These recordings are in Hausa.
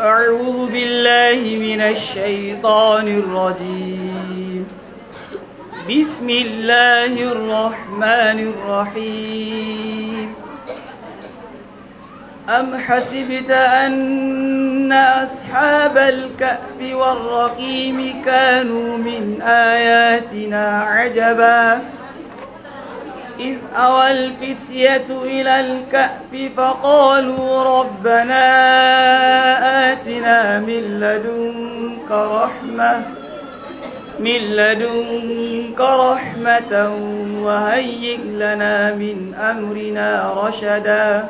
أعوذ بالله من الشيطان الرجيم بسم الله الرحمن الرحيم أم حسبت أن أصحاب الكأف والرقيم كانوا من آياتنا عجباً إذ أوى الفتية إلى الكأف فقالوا ربنا آتنا من لدنك رحمة من لدنك رحمة وهيئ لنا من أمرنا رشدا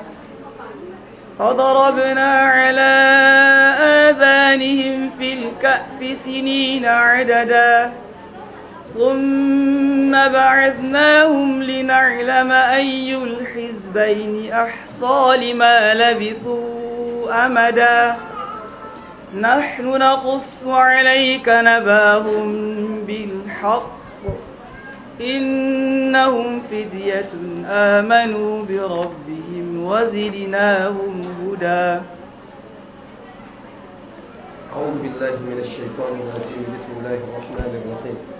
فضربنا على آذانهم في الكأف سنين عددا ثم بعثناهم لنعلم أي الحزبين أحصى لما لبثوا أمدا نحن نقص عليك نباهم بالحق إنهم فدية آمنوا بربهم وزدناهم هدى أعوذ بالله من الشيطان الرجيم بسم الله الرحمن الرحيم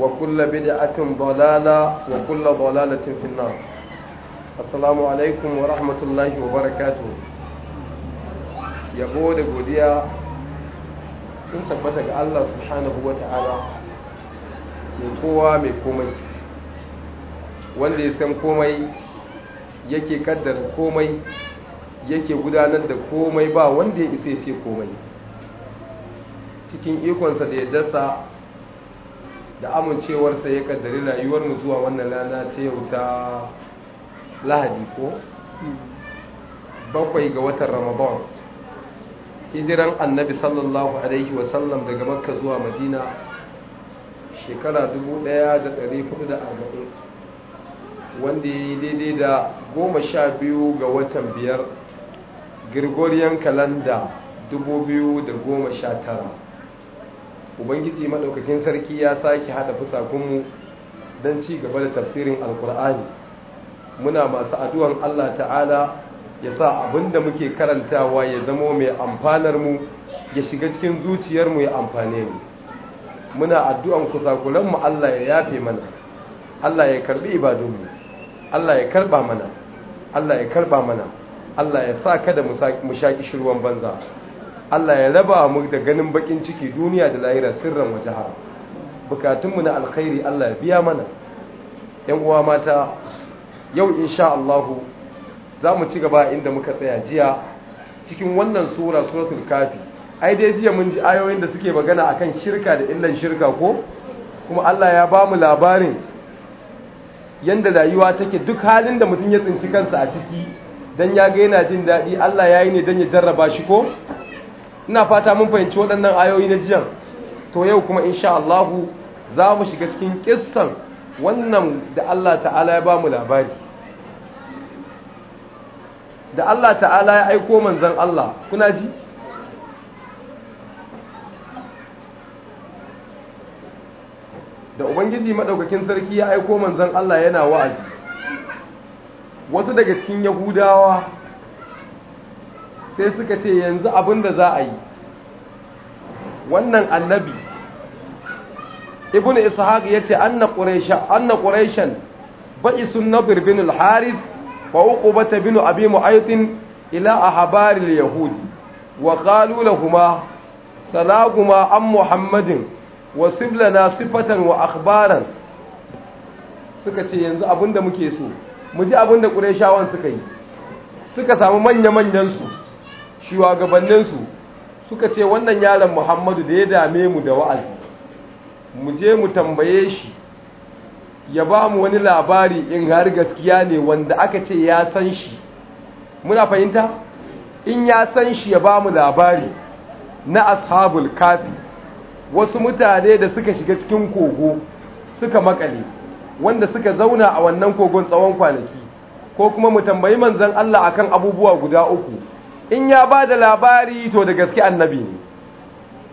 وكل بدعة ضلالة وكل ضلالة في النار السلام عليكم ورحمة الله وبركاته يقول godiya sun tabbata ga Allah subhanahu wa ta'ala mai kowa mai komai wanda ya san komai yake kaddara komai yake gudanar da komai ba wanda ya isa ya ce komai cikin ikonsa da ya dasa da amincewarsa ya kaddari rayuwar mu zuwa wannan rana ta yau ta lahadi ko bakwai ga watan ramadan hijiran annabi sallallahu alaihi wasallam daga makka zuwa madina shekara 1440 wanda ya yi daidai da goma sha biyu ga watan biyar gregorian kalanda 2019 ubangiji madaukakin sarki ya sake haɗa fusakunmu don ci gaba da tafsirin alkur'ani muna masu addu'an Allah ta'ala ya sa abin da muke karantawa ya zamo mai amfanar ya shiga cikin zuciyarmu ya amfane mu muna addu'an kusakulanmu mu Allah ya yafe mana Allah ya karbi ibadunmu, Allah ya karba mana Allah ya karba mana Allah ya sa kada mu shaki shirwan banza Allah ya raba mu da ganin bakin ciki duniya da lahira sirran wa jahara bukatunmu na alkhairi Allah ya biya mana yan uwa mata yau insha Allah za mu ci gaba inda muka tsaya jiya cikin wannan sura suratul kafi ai dai jiya mun ji ayoyin da suke magana akan shirka da illan shirka ko kuma Allah ya ba mu labarin yanda rayuwa take duk halin da mutum ya tsinci kansa a ciki dan ya ga yana jin daɗi Allah ya yi ne dan ya jarraba shi ko ina fata mun fahimci waɗannan ayoyi na jiyan to yau kuma insha Allah za mu shiga cikin kissan wannan da Allah ta'ala ya ba mu labari da Allah ta'ala ya aiko manzon Allah kuna ji da ubangiji madaukakin sarki ya aiko manzon Allah yana wa'azi wasu daga cikin yahudawa sai suka ce yanzu abin da za a yi wannan annabi ibn ishaq ya ce anna quraishan ba'isun nabir bin al-harith wa uqubata bin abi mu'aytin ila ahbar al-yahud wa qalu lahumā salākumā am muhammadin wa siblana sifatan wa akhbaran suka ce yanzu abinda muke so mu ji abinda quraishawan suka yi suka samu manya-manyan su shugabanninsu suka ce wannan yaron muhammadu da ya dame mu da wa'azi mu je mu tambaye shi ya ba mu wani labari in har gaskiya ne wanda aka ce ya san shi muna fahimta in ya san shi ya ba mu labari na ashabul kafi wasu mutane da suka shiga cikin kogo suka makale wanda suka zauna a wannan kogon tsawon kwanaki ko kuma mu tambayi manzan Allah akan abubuwa guda uku in ya ba da labari to da gaske annabi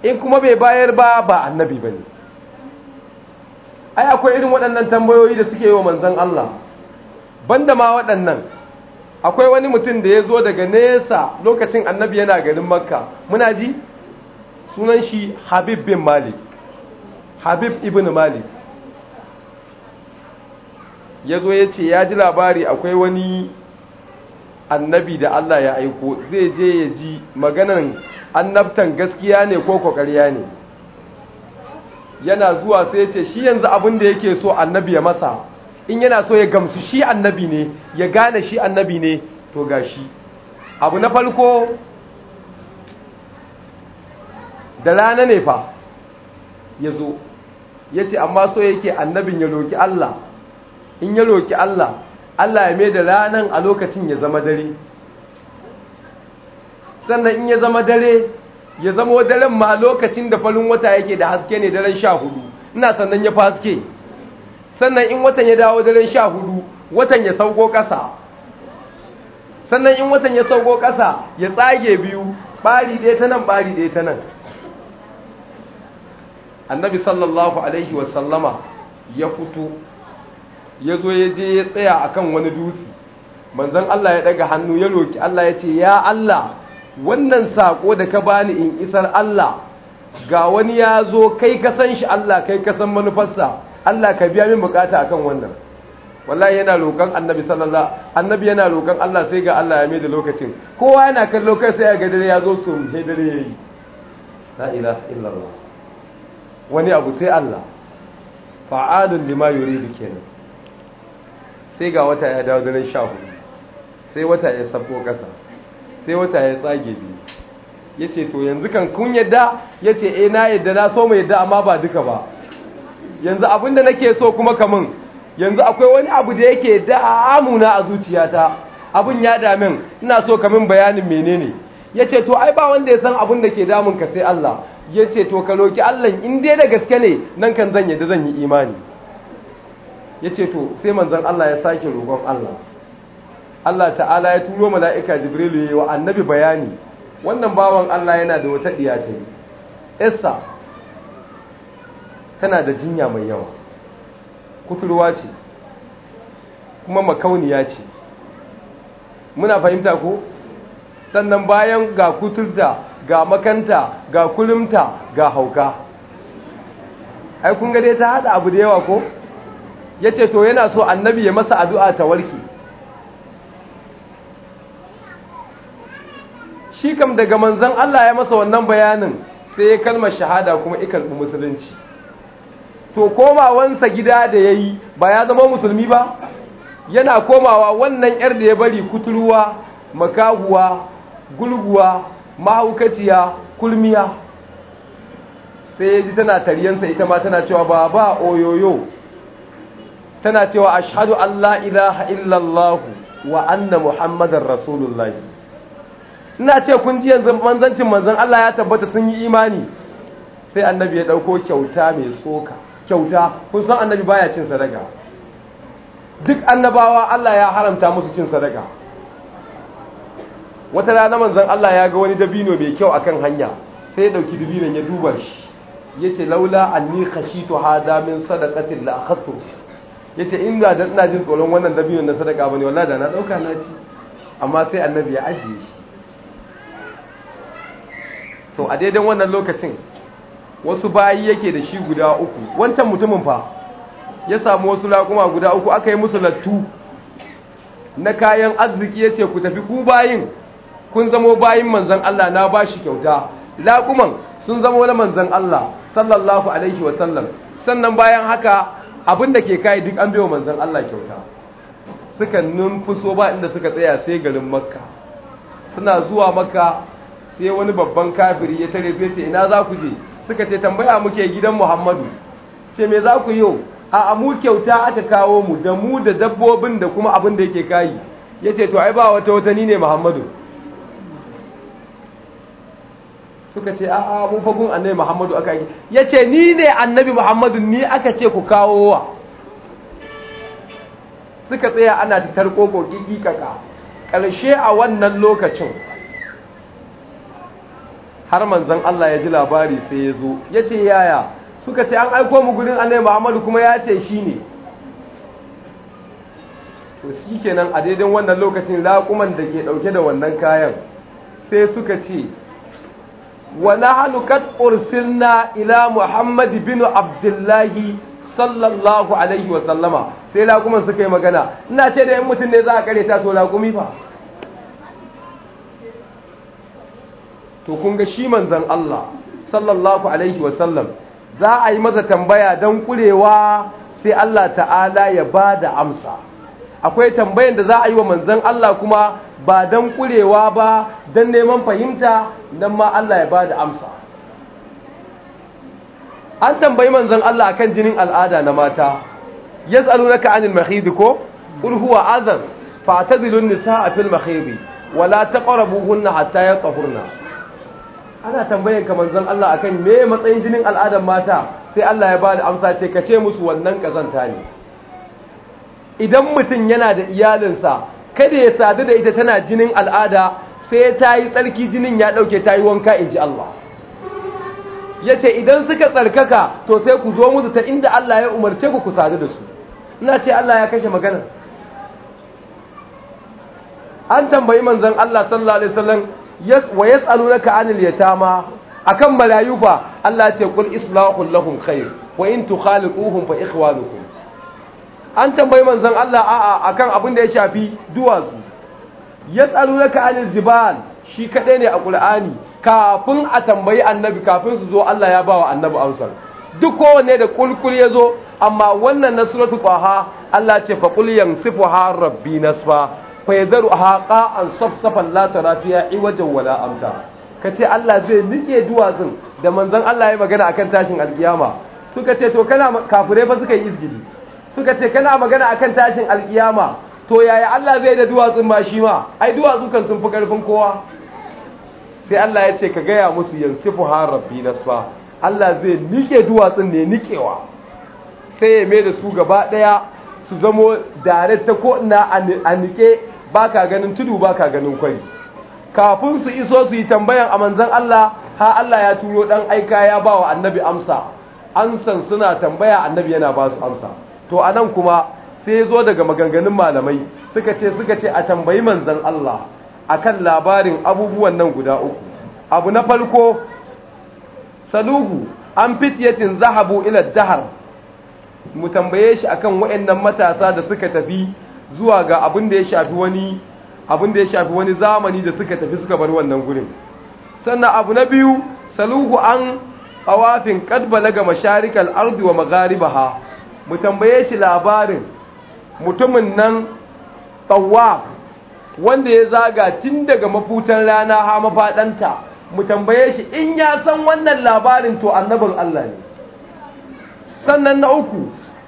ne in kuma bai bayar ba ba annabi ba ne ai akwai irin waɗannan tambayoyi da suke yi wa manzan Allah banda ma waɗannan akwai wani mutum da ya zo daga nesa lokacin annabi yana garin makka muna ji sunan shi habib bin malik habib ibn malik ya zo ya ce ya ji labari akwai wani annabi da Allah ya aiko zai je ya ji maganan annabtan gaskiya ne ko kokariya ne yana zuwa sai ce shi yanzu abin da yake so annabi ya masa in yana so ya gamsu shi annabi ne ya gane shi annabi ne to ga shi. abu na farko da rana ne fa ya zo ya ce amma so yake annabin ya roki Allah in ya roki Allah Allah ya mai da ranan a lokacin ya zama dare sannan in ya zama dare ya zama daren ma lokacin da farin wata yake da haske ne daren sha hudu ina sannan ya haske sannan in watan ya dawo daren sha hudu watan ya sauko ƙasa sannan in watan ya sauko ƙasa ya tsage biyu bari ɗaya ta nan ɓari ɗaya ta nan annabi sallallahu alaihi wasallama ya fito ya zo ya je ya tsaya a kan wani dutse manzon Allah ya daga hannu ya roƙi. Allah ya ce ya Allah wannan sako da ka bani in isar Allah ga wani ya zo kai ka san shi Allah kai ka san manufarsa Allah ka biya min bukata kan wannan wallahi yana roƙon annabi sallallahu annabi yana roƙon Allah sai ga Allah ya mai da lokacin kowa yana kallo kai sai ga dare ya zo su sai dare yayi la ilaha illallah wani abu sai Allah fa'alun lima yuridu kenan sai ga wata ya dawo daren sha hudu sai wata ya sabo ƙasa sai wata ya tsage biyu ya ce to yanzu kan kun yadda ya ce e na yadda na so mai yadda amma ba duka ba yanzu abin nake so kuma kamun yanzu akwai wani abu da yake da amuna a zuciyata abin ya damin ina so kamin bayanin menene ya ce to ai ba wanda ya san abin da ke damun ka sai Allah ya ce to ka roki Allah in dai da gaske ne nan kan zan yadda zan yi imani Ya ce to sai manzon Allah ya sake rogon Allah Allah ta'ala ya turo mala'ika Jibrilu yi wa annabi bayani wannan bawan Allah yana da wata diya ce Issa tana da jinya mai yawa kuturwa ce kuma makauniya ce muna fahimta ko sannan bayan ga kuturta ga makanta ga kulumta ga hauka ai kun ga ta haɗa abu da yawa ko ya ce to yana so annabi ya masa addu'a ta warke shi kam daga manzan Allah ya masa wannan bayanin sai ya kalmar shahada kuma ikalbi musulunci to komawansa gida da ya yi ba ya zama musulmi ba yana komawa wannan ‘yar da ya bari kuturuwa makahuwa gulguwa mahaukaciya kulmiya sai ya ji tana taryensa ita ma tana cewa ba ba oyoyo tana cewa ashadu Allah, ilaha illallah wa anna muhammadar rasulullahi ina ce kun ji yanzu manzancin manzan Allah ya tabbata sun yi imani sai annabi ya dauko kyauta mai tsoka kyauta kun san annabi baya cin sadaka duk annabawa Allah ya haramta musu cin sadaka wata rana manzan Allah ya ga wani dabino mai kyau akan hanya sai ya dauki dabinon ya duba shi yace laula anni khashitu hada min sadaqatin la akhadtu ya ce in da ina jin tsoron wannan dabino na sadaka ba ne wallah da na ɗauka na ci amma sai annabi ya ajiye shi to a daidan wannan lokacin wasu bayi yake da shi guda uku wancan mutumin fa ya samu wasu laƙuma guda uku aka yi musu lattu na kayan arziki ya ce ku tafi ku bayin kun zamo bayin manzan Allah na bashi kyauta laƙuman sun zamo na manzan Allah sallallahu alaihi wasallam sannan bayan haka abinda ke kai duk an biyo manzon Allah kyauta suka numfuso ba inda suka tsaya sai garin makka suna zuwa makka sai wani babban kafiri ya tare sai ce ina za ku je suka ce tambaya muke gidan muhammadu ce me za ku yi a mu kyauta aka kawo mu da mu da dabbobin da kuma abin da yake kayi ya ce to ai ba wata wata ni ne muhammadu suka ce a'a mun fagun annabi Muhammadu aka yi Ya ce ni ne annabi Muhammadu ni aka ce ku kawowa suka tsaya ana ta tarkoko gigikaka ƙarshe a wannan lokacin har manzon Allah ya ji labari sai ya zo ya yace yaya suka ce an aiko mu gudun annabi Muhammadu kuma ya ce shine to kenan a daidai wannan lokacin laƙuman da ke ɗauke da wannan kayan sai suka ce wa halukat kad ursilna ila Muhammad bin Abdullahi sallallahu alaihi wa sallama sai lagumin suka yi magana ina ce da yan mutum ne za a kare ta to lagumi fa to kun ga shi manzan Allah sallallahu alaihi wa sallam za a yi masa tambaya dan kurewa sai Allah ta'ala ya bada amsa akwai tambayan da za a yi wa manzan Allah kuma ba dan kurewa ba don neman fahimta nan ma Allah ya bada amsa an tambayi manzan Allah akan jinin al'ada na mata ya tsaro na ka’anin mahidi ko azan, fata adhan nisa a fil mahidi, wala ta taqrabuhunna hatta tsohurna. ana tambayan ka manzan Allah akan me matsayin jinin al'adan mata sai Allah ya ba da amsa ce ka ce musu wannan ƙazanta ne idan mutum yana da iyalinsa kada ya sadu da ita tana jinin al'ada sai ta yi tsarki jinin ya ɗauke ta yi wanka in ji Allah ya ce idan suka tsarkaka to sai ku zo musu ta inda Allah ya umarce ku ku sadu da su ina ce Allah ya kashe magana. an tambayi manzon Allah sallallahu alaihi wasallam wa yas'alunaka 'anil yatama akan marayu fa Allah ya ce kul islahu lahum khair wa in tukhaliquhum fa ikhwanukum an tambayi manzon Allah a'a akan abin da ya shafi duwatsu ya tsaro naka anil jibal shi kaɗai ne a Qur'ani kafin a tambayi annabi kafin su zo Allah ya bawa annabi amsar duk kowanne da kulkul ya zo amma wannan na suratu qaha Allah ce fa qul yansifuha rabbi nasfa fa yadharuha qa'an safsafan la tara i iwajan wala amta kace Allah zai nike duwatsun da manzon Allah ya magana akan tashin alkiyama suka ce to kana kafirai fa suka yi izgidi suka ce kana magana akan tashin alkiyama to yaya Allah zai da duwatsun ma shi ma ai duwatsu kan sun fi karfin kowa sai Allah ya ce ka gaya musu yansifu har rabbi nasfa Allah zai nike duwatsun ne nikewa sai ya mai da su gaba daya su zamo dare ta ko ina a nike baka ganin tudu baka ganin kwari kafin su iso su yi tambayan a manzon Allah ha Allah ya turo dan aika ya bawa annabi amsa an san suna tambaya annabi yana ba su amsa to anan kuma sai ya zo daga maganganun malamai suka ce suka ce a tambayi manzan Allah akan labarin abubuwan nan guda uku abu na farko saluhu an fitiyatin zahabu ila dahar mu tambaye shi akan waɗannan matasa da suka tafi zuwa ga abin da ya shafi wani abin da ya shafi wani zamani da suka tafi suka bar wannan gurin sannan abu na biyu saluhu an awafin qad balaga masharikal ardi wa magharibaha mu tambaye shi labarin mutumin nan tsawa wanda ya zaga tun daga mafutan rana ha mafaɗanta mu tambaye shi in ya san wannan labarin to annabin Allah ne sannan na uku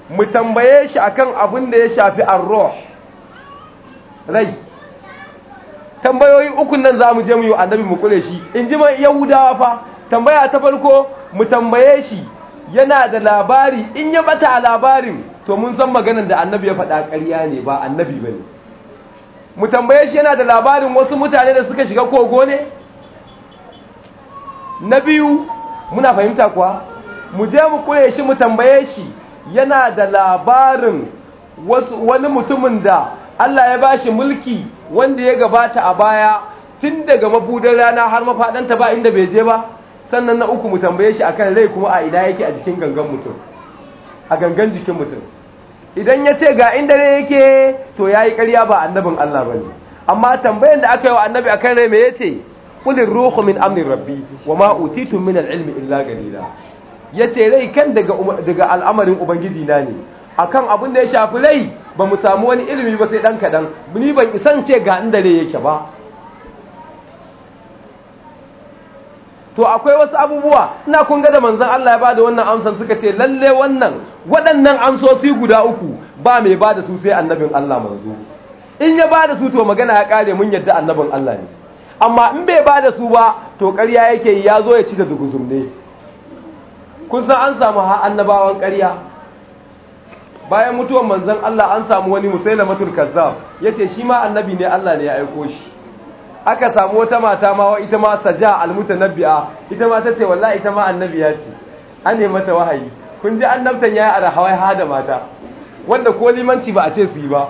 mu tambaye shi akan abin da ya shafi arroh rai tambayoyi uku nan za mu je mu yi annabi mu kure shi in ji yahudawa fa tambaya ta farko mu tambaye shi yana da labari in ya bata a labarin to mun san maganar da annabi ya faɗa ƙarya ne ba annabi ba ne mu tambaye shi yana da labarin wasu mutane da suka shiga kogo ne na biyu muna fahimta kuwa mu je mu kure shi mu tambaye shi yana da labarin wani mutumin da Allah ya bashi mulki wanda ya gabata a baya tun daga mabudan rana har mafaɗanta ba inda bai je ba sannan na uku mu tambaye shi akan rai kuma a ina yake a jikin gangan mutum a gangan jikin mutum idan ya ce ga inda rai yake to ya yi ƙarya ba annabin Allah ba amma tambayan da aka yi wa annabi akan rai me ya ce kulin ruhu min amrin rabbi wa ma utitum min al-ilmi illa qalila ya ce rai kan daga al'amarin ubangiji na ne akan abin da ya shafi rai ba mu samu wani ilimi ba sai dan kaɗan ni ban isan ce ga inda rai yake ba to akwai wasu abubuwa ina kun ga da manzon Allah ya bada wannan amsan suka ce lalle wannan waɗannan amsosi guda uku ba mai bada su sai annabin Allah manzo in ya bada su to magana ya kare mun yadda annabin Allah ne amma in bai bada su ba to ƙarya yake yi ya zo ya ci da duguzum ne kun san an samu ha annabawan ƙarya bayan mutuwar manzon Allah an samu wani musailamatul kazzab yace shi ma annabi ne Allah ne ya aiko shi aka samu wata mata ma wa ita ma saja almutanabbi'a ita ma tace wallahi ita ma annabiya ce an ne mata wahayi kun ji annabtan yayi ara hawai ha da mata wanda ko limanci ba a ce su yi ba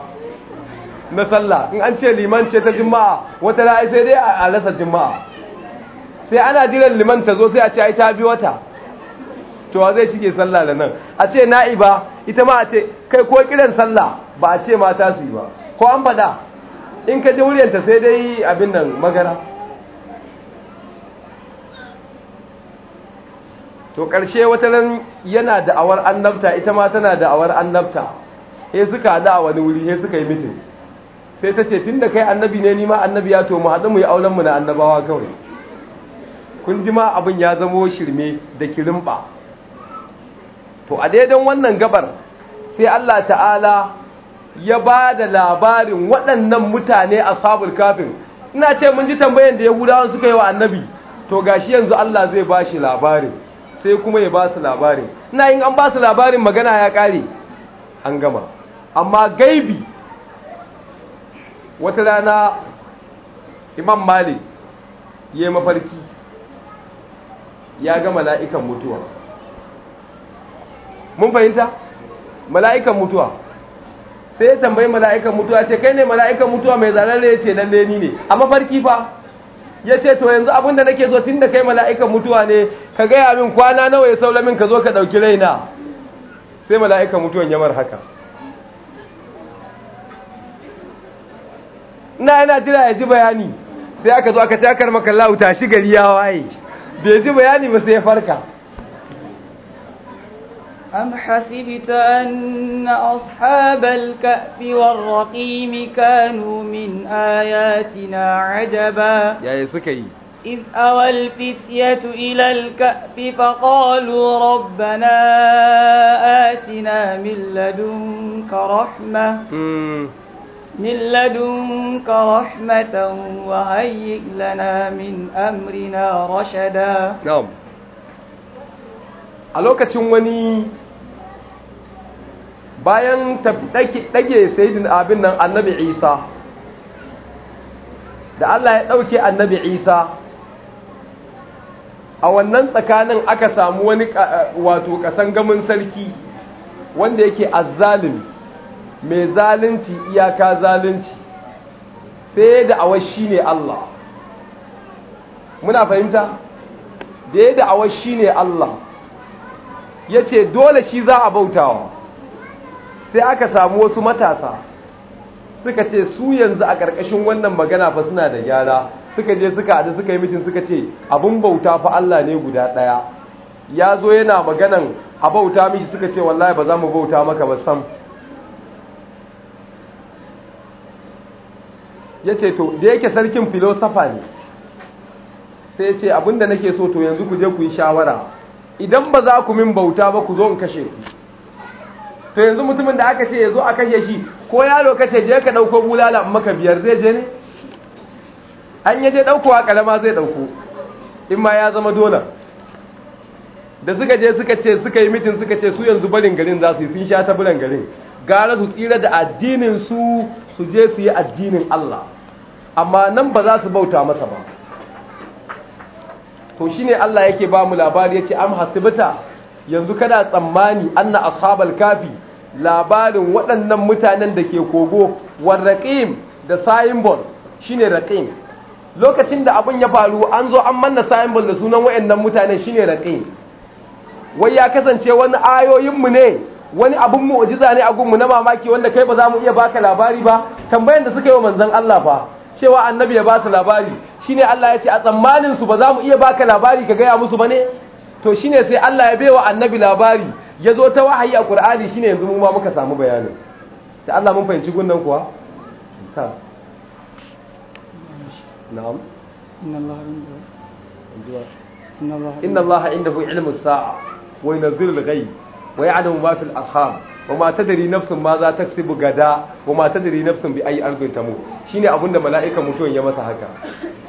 na sallah in an ce limanci ta juma'a wata ra'ayi sai dai a rasa juma'a sai ana jiran liman ta zo sai a ce ai ta bi wata to zai shige sallah da nan a ce na'iba ita ma a ce kai ko kiran sallah ba a ce mata su yi ba ko an faɗa in ka ji muryanta sai dai abin nan magana to ƙarshe wata ran yana da'awar annabta ita ma tana da'awar annabta he suka haɗu a wani wuri he suka yi mitin sai ta ce tun da kai annabi ne nima annabi ya to mu haɗu mu yi aurenmu na annabawa kawai kun ji ma abin ya zamo shirme da kirimba to a daidan wannan gabar sai Allah ta'ala ya ba da labarin waɗannan mutane a sabul kafin ina ce mun ji tambayan da yahudawan suka yi wa annabi to gashi yanzu Allah zai ba shi labarin sai kuma ya ba su labarin ina yin an ba su labarin magana ya ƙare an gama amma gaibi wata rana imam malik ya yi mafarki ya ga mala'ikan mutuwa mun fahimta mala'ikan mutuwa sai ya tambayi mala'ikan mutuwa ce kai ne mala'ikan mutuwa mai zararre ya ce nan ni ne a mafarki fa ya ce to yanzu abin da nake zo tun da kai mala'ikan mutuwa ne ka gaya min kwana nawa ya saula min ka zo ka ɗauki raina sai mala'ikan mutuwan yamar haka ina yana jira ya ji bayani sai aka zo aka cakar maka lauta shi gari ya waye bai ji bayani ba sai ya farka أم حسبت أن أصحاب الكهف والرقيم كانوا من آياتنا عجبا يا سكي إذ أوى الفتية إلى الكهف فقالوا ربنا آتنا من لدنك رحمة من لدنك رحمة وهيئ لنا من أمرنا رشدا نعم a lokacin wani bayan ɗage sayidin abin nan annabi isa da Allah ya ɗauke annabi isa a wannan tsakanin aka samu wani wato ƙasan gamin sarki wanda yake azzalim mai zalunci iyaka zalunci sai da'awar shi ne Allah muna fahimta da ya da'awar shi ne Allah ya ce dole shi za a bautawa sai aka samu wasu matasa suka ce su yanzu a ƙarƙashin wannan magana fa suna da gyara suka je suka haɗu suka yi mitin suka ce abin bauta fa Allah ne guda ɗaya ya zo yana maganan a bauta mishi suka ce wallahi ba za mu bauta maka ba sam ya ce to da yake sarkin filosofa ne sai ya ce abinda nake so to yanzu ku je ku yi shawara idan ba za ku min bauta ba ku zo in kashe ku to yanzu mutumin da aka ce ya zo a kashe shi ko yaro ka ce je ka ɗauko bulala maka biyar zai je ne an yaje ɗaukowa ƙarama zai ɗauko in ma ya zama dole da suka je suka ce suka yi mitin suka ce su yanzu barin garin za su yi sun sha ta barin garin gara su tsira da addinin su su je su yi addinin Allah amma nan ba za su bauta masa ba to shine Allah yake ba mu labari yace am hasibata yanzu kana tsammani anna ashabal kafi labarin waɗannan mutanen da ke kogo war raqim da signboard shine raqim lokacin da abin ya faru an zo an manna signboard da sunan waɗannan mutanen shine raqim wai ya kasance wani ayoyinmu mu ne wani abin mu'jiza ne a gunmu na mamaki wanda kai ba za mu iya baka labari ba tambayan da suka yi wa manzon Allah fa cewa annabi ya ba su labari shine Allah ya ce a tsammanin su ba za mu iya baka labari ka gaya musu ba ne? to shine sai Allah ya baiwa annabi labari ya zo ta wahayi a Qur'ani shine yanzu mu ma muka samu bayanin ta Allah mun fahimci gunnan kuwa ta na'am inna Allah inda inna Allah indahu ilmu sa'a wa yunzilu al-ghayb wa ya'lamu ma fil arham wa ma tadri nafsun ma za taksibu gada wa ma tadri nafsun bi ayi ardin tamut shine abunda mala'ikan mutuwan ya masa haka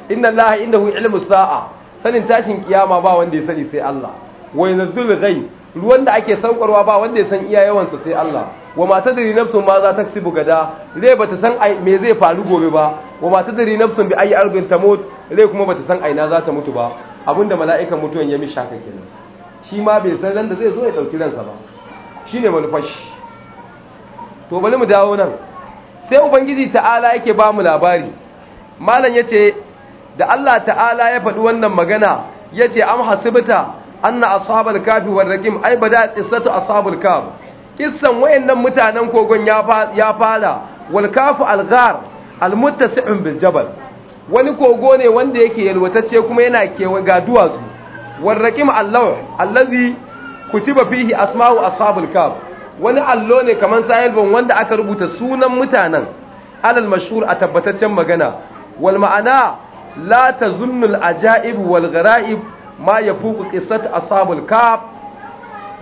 inna Allah indahu ilmu sa'a sanin tashin kiyama ba wanda ya sani sai Allah wa yanzul ghaib ruwan da ake saukarwa ba wanda ya san iya sa sai Allah wa ma tadri nafsun ma za taksibu gada rai bata san me zai faru gobe ba wa ma tadri nafsun bi ayi ardin tamut rai kuma bata san aina za ta mutu ba abinda mala'ikan mutuwan ya misha kake kenan shi ma bai san randa zai zo ya dauki ransa ba shine manufar to bari mu dawo nan sai ubangiji ta'ala yake ba mu labari malam yace da Allah ta'ala ya faɗi wannan magana ya ce an hasibta anna asabar kafi war raqim ai ba bada qissatu asabar kaf kissan wayannan mutanen kogon ya fara wal kafi algar ghar sa'in wani kogo ne wanda yake yalwatacce kuma yana kewa ga duwatsu war raqim allaw allazi kutiba fihi asma'u asabar kafi wani allo ne kamar sahibin wanda aka rubuta sunan mutanen alal mashhur a tabbataccen magana wal ma'ana la tazunnul ajaib wal gharaib ma yafuku qissat ashabul kaf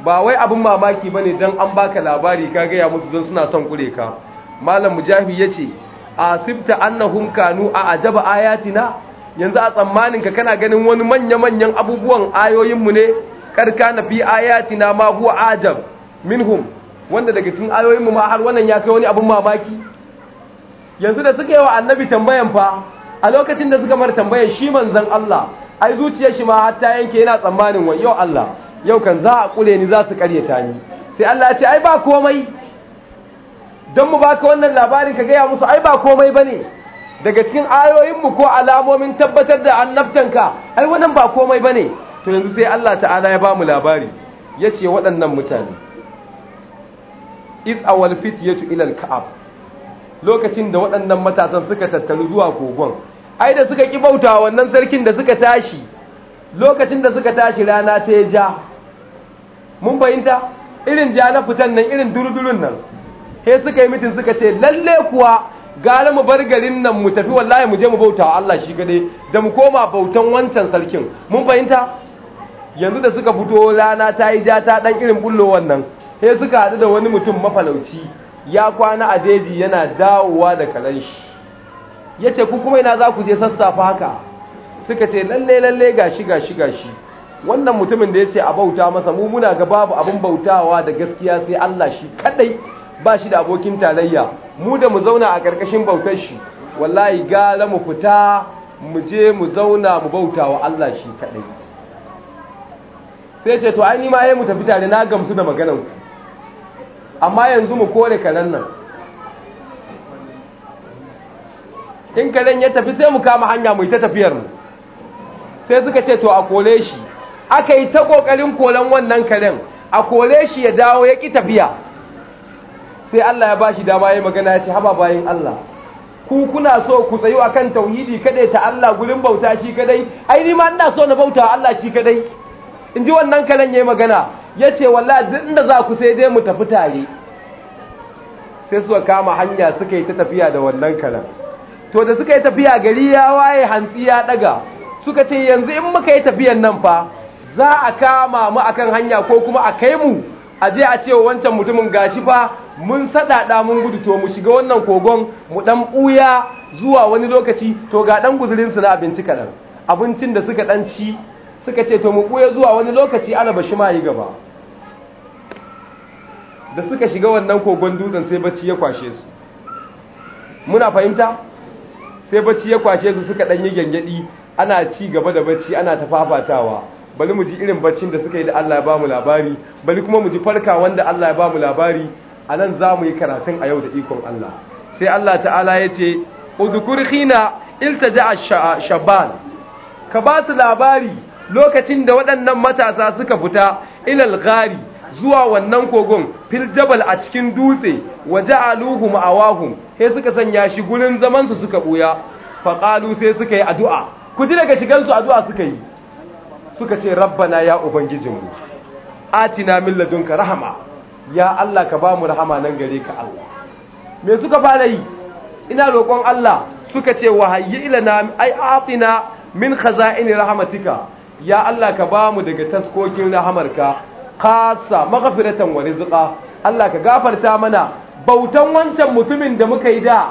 ba wai abin mamaki bane dan an baka labari ka ga ya mutu don suna son kure ka malam mujahi yace asibta annahum kanu a ajaba ayatina yanzu a tsammanin ka kana ganin wani manya-manyan abubuwan ayoyinmu ne karka na fi ayatina ma huwa ajab minhum wanda daga cikin ayoyinmu ma har wannan ya kai wani abin mamaki yanzu da suka yi wa annabi tambayan fa a lokacin da suka mara tambaya shi manzan Allah ai zuciyar shi ma hatta yanke yana tsammanin wa yau Allah yau kan za a kule ni za su karyata ni sai Allah ya ce ai ba komai don mu baka wannan labarin ka gaya musu ai ba komai bane daga cikin ayoyinmu ko alamomin tabbatar da annabtanka ai wannan ba komai bane to yanzu sai Allah ta'ala ya ba mu labari yace waɗannan mutane is awal fitiyatu ila al-ka'ab lokacin da waɗannan matasan suka tattaru zuwa kogon ai da suka ki bauta wannan sarkin da suka tashi lokacin da suka tashi rana ta ja mun fahimta irin ja na fitan nan irin durdurun nan sai suka yi mitin suka ce lalle kuwa gara mu bar garin nan mu tafi wallahi mu je mu bauta Allah shi gade da mu koma bautan wancan sarkin mun fahimta yanzu da suka fito rana ta yi ja ta dan irin bullo wannan sai suka haɗu da wani mutum mafalauci ya kwana a jeji yana dawowa da kalan shi ya ce ku kuma ina za ku je sassafa haka suka ce lalle lalle gashi gashi gashi wannan mutumin da ya ce a bauta masa mu muna ga babu abin bautawa da gaskiya sai Allah shi kadai ba shi da abokin tarayya mu da mu zauna a ƙarƙashin bautar shi wallahi gara mu fita mu je mu zauna mu bautawa Allah shi kadai sai ce to ai ni ma yayi mu tafi tare na gamsu da maganar ku amma yanzu mu kore karen nan in karen ya tafi sai mu kama hanya mu ta tafiyar mu sai suka ce to a kore shi aka yi ta kokarin kolan wannan karen a kole shi ya dawo ya ki tafiya sai Allah ya bashi dama yayin magana ya ce haba bayin Allah ku kuna so ku tsayu akan tauhidi kadai ta Allah gurin bauta shi kadai ai ni ma ina so na bauta Allah shi kadai ji wannan ya yi magana yace wallahi duk inda za ku sai dai mu tafi tare sai suka kama hanya suka yi ta tafiya da wannan karen to da suka yi tafiya gari ya waye hantsi ya daga suka ce yanzu in muka yi tafiyan nan fa za a kama mu akan hanya ko kuma a kai mu a je a ce wancan mutumin gashi fa mun sadada mun gudu to mu shiga wannan kogon mu dan buya zuwa wani lokaci to ga dan guzurin su na abinci kadan abincin da suka dan ci suka ce to mu buya zuwa wani lokaci ana bashi ma yi gaba da suka shiga wannan kogon dutsen sai bacci ya kwashe su muna fahimta sai bacci ya kwashe su suka ɗanyi gyangyaɗi ana ci gaba da bacci ana ta fafatawa bali mu ji irin baccin da suka yi da Allah ya ba mu labari bali kuma mu ji farka wanda Allah ya ba mu labari a nan za mu yi karatun a yau da ikon Allah sai Allah ta'ala ya ce udhkur khina iltaja shaban ka ba su labari lokacin da waɗannan matasa suka fita ilal ghari zuwa wannan kogon fil jabal a cikin dutse waja'aluhum awahum sai suka sanya shi gurin zaman su suka buya faqalu sai suka yi addu'a ku ji daga shigan su addu'a suka yi suka ce rabbana ya ubangijinmu atina min ladunka rahama ya Allah ka ba mu rahama nan gare ka Allah me suka fara yi ina roƙon Allah suka ce wahayyi ilana ai atina min khaza'ini rahmatika ya Allah ka ba mu daga taskokin rahamarka khassa maghfiratan wa rizqa Allah ka gafarta mana bautan wancan mutumin da muka yi da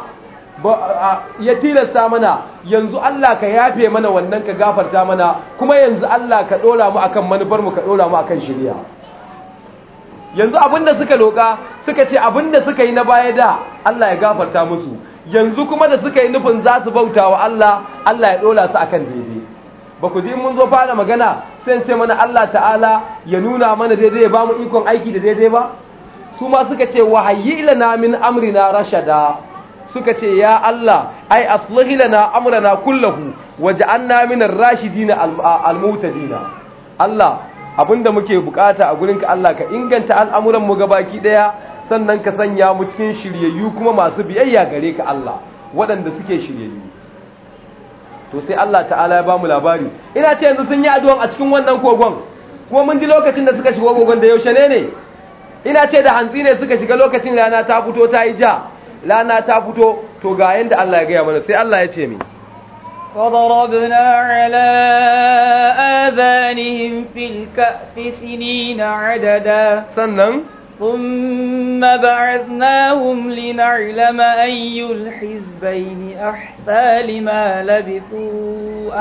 ya tilasta mana yanzu Allah ka yafe mana wannan ka gafarta mana kuma yanzu Allah ka dora mu akan manufar mu ka dora mu akan shirya. yanzu abinda suka loka suka ce abinda suka yi na baya da Allah ya gafarta musu yanzu kuma da suka yi nufin za su bauta wa Allah Allah ya dora su akan daidai ba ku ji mun zo fara magana sai ce mana Allah ta'ala ya nuna mana daidai ya ba mu ikon aiki da daidai ba su ma suka ce wahayyi ilana min amrina rashada suka ce ya Allah ai aslihi lana amrana kullahu waj'alna min ar rashidin al mutadina Allah abinda muke bukata a ka Allah ka inganta al'amuran mu gabaki daya sannan ka sanya mu cikin shiryayyu kuma masu biyayya gare ka Allah waɗanda suke shiryayyu to sai Allah ta'ala ya ba mu labari ina ce yanzu sun yi addu'an a cikin wannan kogon kuma mun ji lokacin da suka shigo kogon da yaushe ne ne ina ce da hantsi ne suka shiga lokacin rana ta fito ta yi ja rana ta fito to ga yanda Allah ya gaya mana sai Allah ya ce mi وضربنا على آذانهم في الكأف سنين عددا سنن ثم بعثناهم لنعلم أي الحزبين أحسى لما لبثوا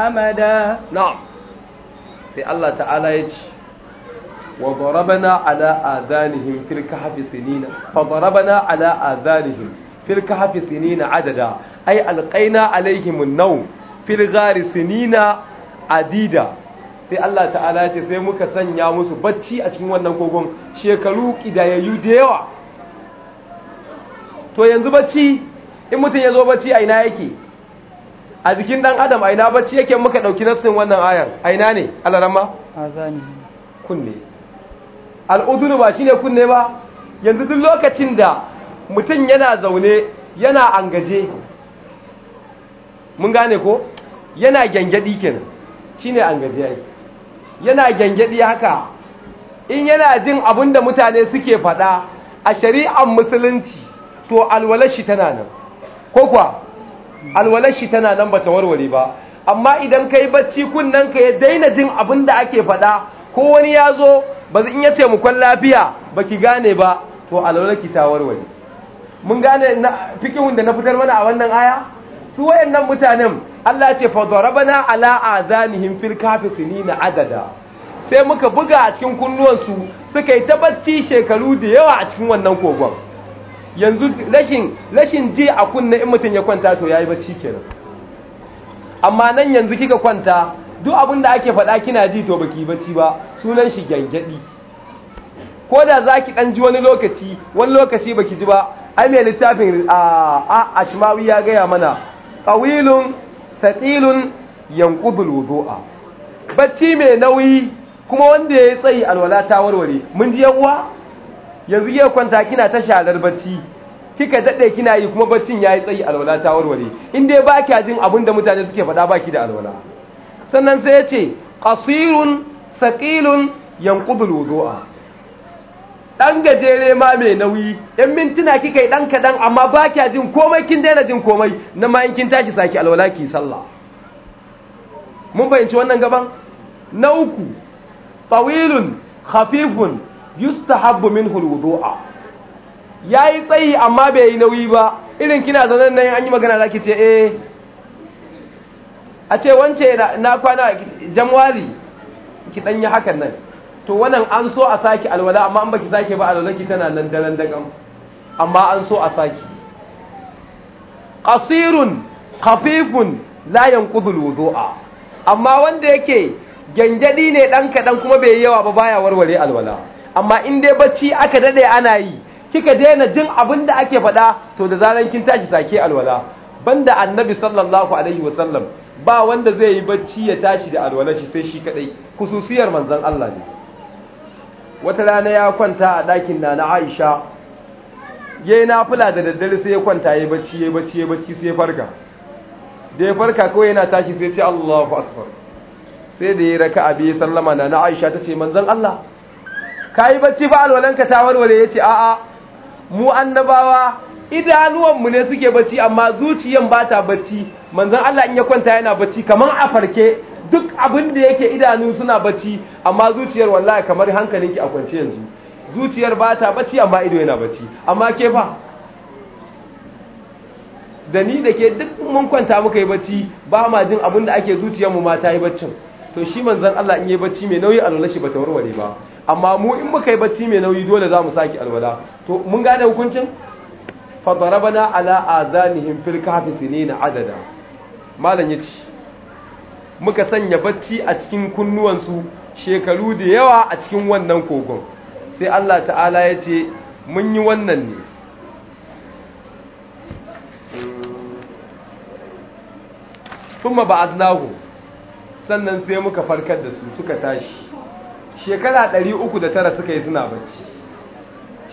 أمدا نعم في الله تعالى يجي wa darabana ala azanihim fil kahfi sinina fa darabana ala azanihim fil kahfi sinina adada ay alqaina alaihim an-nawm fil sinina adida sai Allah ta'ala ce sai muka sanya musu bacci a cikin wannan kogon shekaru kidayayyu da yawa to yanzu bacci in mutum ya zo bacci a ina yake a jikin dan adam a ina bacci yake muka dauki nassin wannan ayan a ina ne alarama azani kunne al'udunu ba shi ne kunne ba yanzu duk lokacin da mutum yana zaune yana angaje mun gane ko yana gyangyaɗi kenan ne angaje ai yana gyangyadi haka in yana jin abin da mutane suke faɗa a shari'ar musulunci to alwalashi tana nan ko kuwa alwalashi tana nan ta warware ba amma idan yi bacci kunnen ka ya daina jin abin da ake faɗa ko wani ya zo ba in yace mu kwan lafiya ba ki gane ba to alwala ta warware mun gane fikin da na fitar mana a wannan aya su wayannan mutanen Allah ya ce fa darabana ala azanihim fil na adada sai muka buga a cikin kunnuwansu suka yi tabbaci shekaru da yawa a cikin wannan kogon yanzu rashin rashin ji a kunna in mutum ya kwanta to yayi bacci kenan amma nan yanzu kika kwanta duk abin da ake faɗa kina ji to baki bacci ba sunan shi gyangyaɗi ko da za ki ɗan ji wani lokaci wani lokaci baki ji ba ai mai littafin a ashmawi ya gaya mana ƙawilun tatsilun yankubul wudu'a bacci mai nauyi kuma wanda ya yi tsayi alwala ta warware mun ji yan yanzu ya kwanta kina ta shalar bacci kika daɗe kina yi kuma baccin ya yi tsayi alwala ta warware in dai ba jin abinda mutane suke faɗa baki da alwala sannan sai ya ce ƙasirun, saƙilun yanqudul wudu'a dan gajere ma mai nauyi yan mintuna kika yi ɗan kaɗan, amma ba kya jin komai kin daina jin komai na ma tashi saki alwalaki sallah mun fahimci wannan gaban na uku tawilun khafifun yustahabbu minhu Ya yi tsayi amma bai yi nauyi ba irin kina zaune yin an yi magana za ki ce eh a ce wance na kwana jamwari ki danyi hakan nan to wannan an so a saki alwala amma an baki sake ba alwala ki tana nan daren dakan amma an so a saki qasirun khafifun la yanqudhu alwudu'a amma wanda yake gangadi ne dan kadan kuma bai yawa ba baya warware alwala amma in dai bacci aka dade ana yi kika daina jin abin da ake faɗa to da zaran kin tashi sake alwala banda annabi sallallahu alaihi wasallam ba wanda zai yi bacci ya tashi da alwalashi sai shi kadai kususiyar manzon Allah ne wata rana ya kwanta a ɗakin na na Aisha yayi nafila da daddare sai ya kwanta yayi bacci yayi bacci yayi bacci sai ya farka da ya farka kawai yana tashi sai ya ce Allahu akbar sai da ya raka'a bi sallama na na Aisha tace manzon Allah kai bacci fa alwalanka ta warware yace a'a mu annabawa idanuwanmu ne suke bacci amma zuciyan ba ta bacci Manzan Allah in ya kwanta yana bacci kamar a farke duk abin da yake idanu suna bacci amma zuciyar wallahi kamar ki a kwance yanzu zuciyar ba ta bacci amma ido yana bacci amma ke fa da ni da ke duk mun kwanta muka yi bacci ba ma jin abin da ake zuciyarmu ma ta yi baccin to shi manzan Allah in yi bacci mai nauyi alwala ba ta warware ba amma mu in muka yi bacci mai nauyi dole za mu saki alwala to mun gane hukuncin fa darabana ala azanihim fil kafisina na adada malam ya ce muka sanya bacci a cikin kunnuwansu shekaru da yawa a cikin wannan kogon sai Allah ta'ala ya ce mun yi wannan ne kuma ba aznahu sannan sai muka farkar da su suka tashi shekara 309 suka yi suna bacci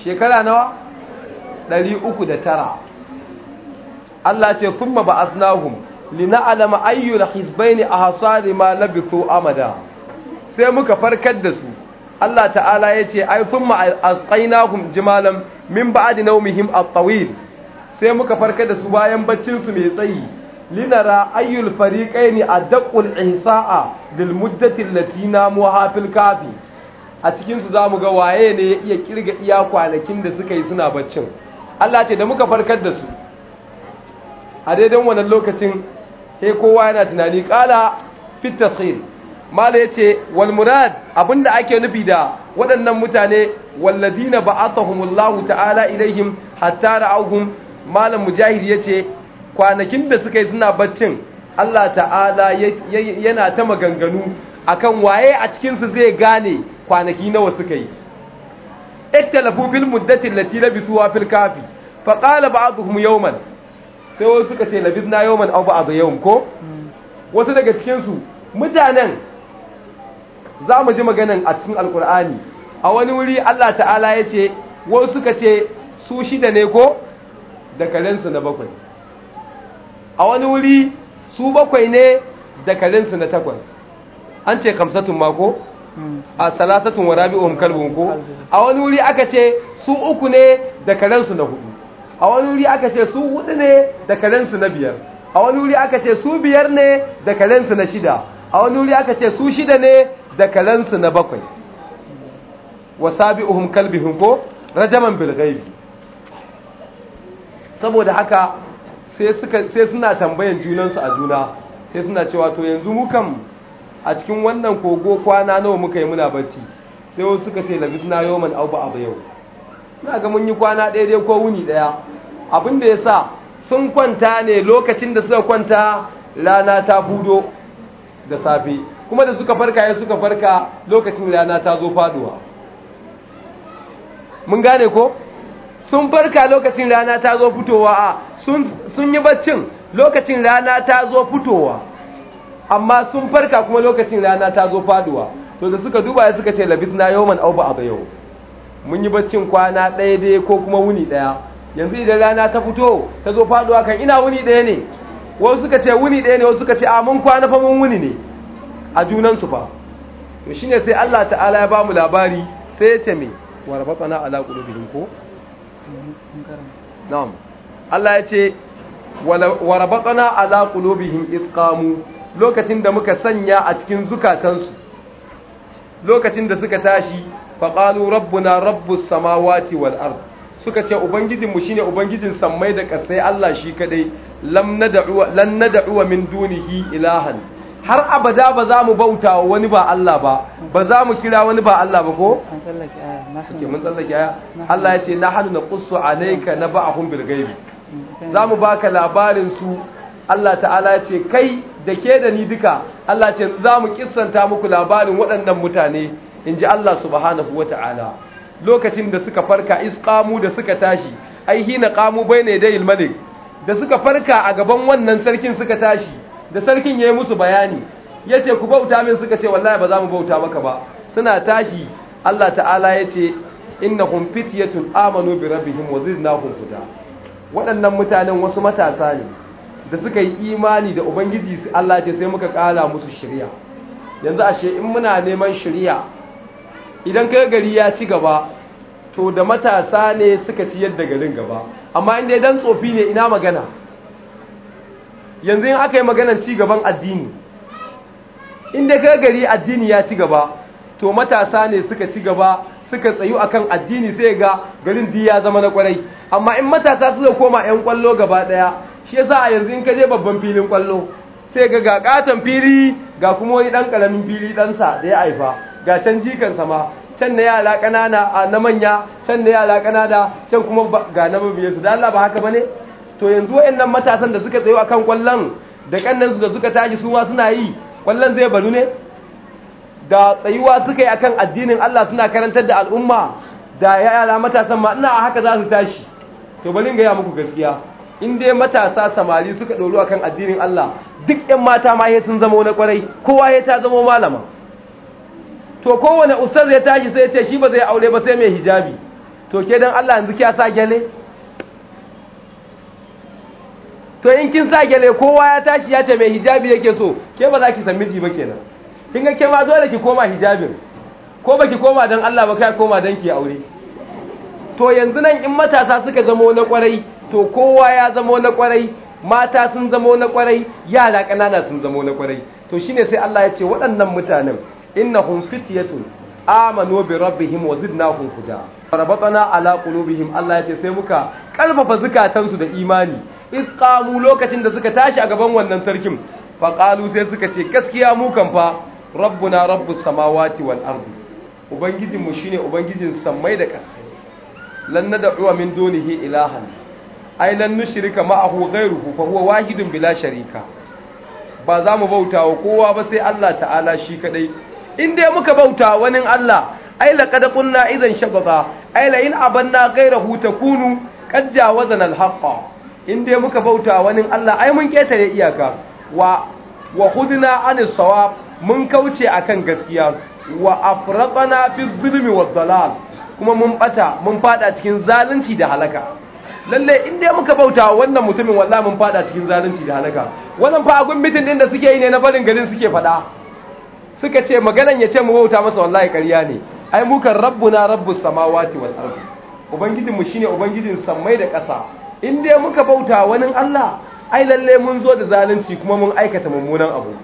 shekara nawa 309 Allah ce kuma ba aznahum lina'alama ayyul hizbaini ahsari ma labithu amada sai muka farkar da su Allah ta'ala ya ce ai thumma asqainahum jimalan min ba'di nawmihim at-tawil sai muka farkar da su bayan baccin su mai tsayi linara ayyul fariqaini adqul ihsa'a lil muddati allati namu hafil kafi a cikin su zamu ga waye ne ya iya kirga iya kwanakin da suka yi suna baccin Allah ce da muka farkar da su a daidai wannan lokacin sai kowa yana tunani kala fit Malam mala yace wal murad abinda ake nufi da waɗannan mutane walladina ba'athahumullahu ta'ala ilaihim hatta ra'awhum malam mujahid yace kwanakin da suka yi suna baccin Allah ta'ala yana ta maganganu akan waye a cikin su zai gane kwanaki nawa suka yi ittalafu fil muddati allati labisuha fil kafi fa qala yawman sai wasu suka ce na yawon abu a yawm ko wasu daga cikinsu mutanen za mu ji maganin a cikin alkur'ani a wani wuri Allah ta'ala ya ce wasu suka ce su shida ne ko da karensu na bakwai a wani wuri su bakwai ne da karensu na takwas an ce kamsatun mako a salasatun wa rabi'un kalbun ko a wani wuri aka ce su uku ne da karensu na hudu a wani wuri aka ce su hudu ne da karensu na biyar a wani wuri aka ce su biyar ne da kalensu na shida a wani wuri aka ce su shida ne da kalensu na bakwai wa uhum kalbihum ko rajaman bil saboda haka sai suna tambayan junansu a juna sai suna cewa to yanzu mukan a cikin wannan kogo kwana nawa muka yi muna bacci sai wasu suka ce na yau au ba abu yau na ga mun yi kwana ɗaya dai ko wuni ɗaya abin da ya sa sun kwanta ne lokacin da suka kwanta rana ta budo da safe kuma da suka farka ya suka farka lokacin rana ta zo faduwa mun gane ko sun farka lokacin rana ta zo fitowa a sun yi baccin lokacin rana ta zo fitowa amma sun farka kuma lokacin rana ta zo faduwa to da suka duba ya suka ce labis na yau au ba a yau mun yi baccin kwana ɗaya dai ko kuma wuni ɗaya yanzu idan rana ta fito ta zo faɗuwa kan ina wuni ɗaya ne wasu suka ce wuni ɗaya ne wasu suka ce a mun kwana fa mun wuni ne a junansu fa to shine sai Allah ta'ala ya ba mu labari sai ya ce me wa rabbana ala qulubihim ko na'am Allah ya ce wa rabbana ala qulubihim isqamu lokacin da muka sanya a cikin zukatansu lokacin da suka tashi faƙalu rabbuna rabbus samawati wal ard suka ce ubangijinmu shine ubangijin sammai da ƙasai Allah shi kadai lam nad'u lan nad'u min dunihi ilahan har abada ba za mu bauta wani ba Allah ba ba za mu kira wani ba Allah ba ko mun tsallake aya Allah ya ce nahnu naqussu alayka naba'ahum bil ghaibi mm, za mu baka labarin su Allah ta'ala ya ce kai da ke da ni duka Allah ce za mu kissanta muku labarin waɗannan mutane in ji Allah subhanahu wa ta'ala lokacin da suka farka isqamu da suka tashi ai hina qamu ne da ilmalik da suka farka a gaban wannan sarkin suka tashi da sarkin ya yi musu bayani yace ku bauta min suka ce wallahi ba za mu bauta maka ba suna tashi Allah ta'ala yace innahum fityatun amanu bi rabbihim wa zidnahum huda waɗannan mutanen wasu matasa ne da suka yi imani da ubangiji Allah ce sai muka ƙara musu shari'a yanzu ashe in muna neman shari'a idan ka gari ya ci gaba to da matasa ne suka ci yadda garin gaba amma inda dan tsofi ne ina magana yanzu in aka yi maganan ci gaban addini inda ka gari addini ya ci gaba to matasa ne suka ci gaba suka tsayu akan addini sai ga garin di ya zama na kwarai amma in matasa suka koma yan kwallo gaba daya shi yasa a yanzu in ka je babban filin kwallo sai ga ga katon fili ga kuma wani dan karamin fili ɗansa da ya haifa ga can jikansa ma can na yala ƙanana a na manya can na yala ƙanana can kuma ga na mabiyansu da Allah ba haka bane to yanzu wayannan matasan da suka tsayo akan kwallon da kannansu da suka tashi su ma suna yi kwallon zai balu ne da tsayuwa suka yi akan addinin Allah suna karantar da al'umma da yala matasan ma ina haka za su tashi to balin ga ya muku gaskiya in dai matasa samari suka doro akan addinin Allah duk ƴan mata ma sun zama na kwarai kowa ya ta zama malama to kowane ustaz ya tashi sai ya ce shi ba zai aure ba sai mai hijabi to ke dan Allah yanzu kya sa gyale to in kin sa gyale kowa ya tashi ya ce mai hijabi yake so ke ba za ki san miji ba kenan kin ga ke ma dole ki koma hijabin ko baki koma dan Allah ba kai koma dan ki aure to yanzu nan in matasa suka zamo na kwarai to kowa ya zama na kwarai mata sun zama na kwarai yara ƙanana sun zamo na kwarai to shine sai Allah ya ce waɗannan mutanen innahum fityatun amanu bi rabbihim wa zidnahum huda rabatana ala qulubihim Allah ya ce sai muka karfafa zukatansu da imani isqamu lokacin da suka tashi a gaban wannan sarkin faqalu sai suka ce gaskiya mu kan fa rabbuna rabbus samawati wal ardi mu shine ubangijin samai da ƙasa lan nad'u min dunihi ilahan ai lan nushrika ma'ahu ghayruhu fa huwa wahidun bila sharika ba za mu bauta wa kowa ba sai Allah ta'ala shi kadai in dai muka bauta wani Allah ai laqad kunna idan shababa ai la in abanna ghayrahu takunu qad jawazana al-haqqa in dai muka bauta wani Allah ai mun ketare iyaka wa wa khudna an sawab mun kauce akan gaskiya wa afraqana fi zulmi wa dalal kuma mun bata mun fada cikin zalunci da halaka lalle in dai muka bauta wannan mutumin wallahi mun fada cikin zalunci da halaka wannan fa agun mitin din da suke yi ne na barin garin suke fada suka ce maganan ya ce mu bauta masa wallahi ƙarya ne ai mukan rabbuna rabbus samawati wal ardi ubangijin mu shine ubangijin sammai da ƙasa in dai muka bauta wani Allah ai lalle mun zo da zalunci kuma mun aikata mummunan abu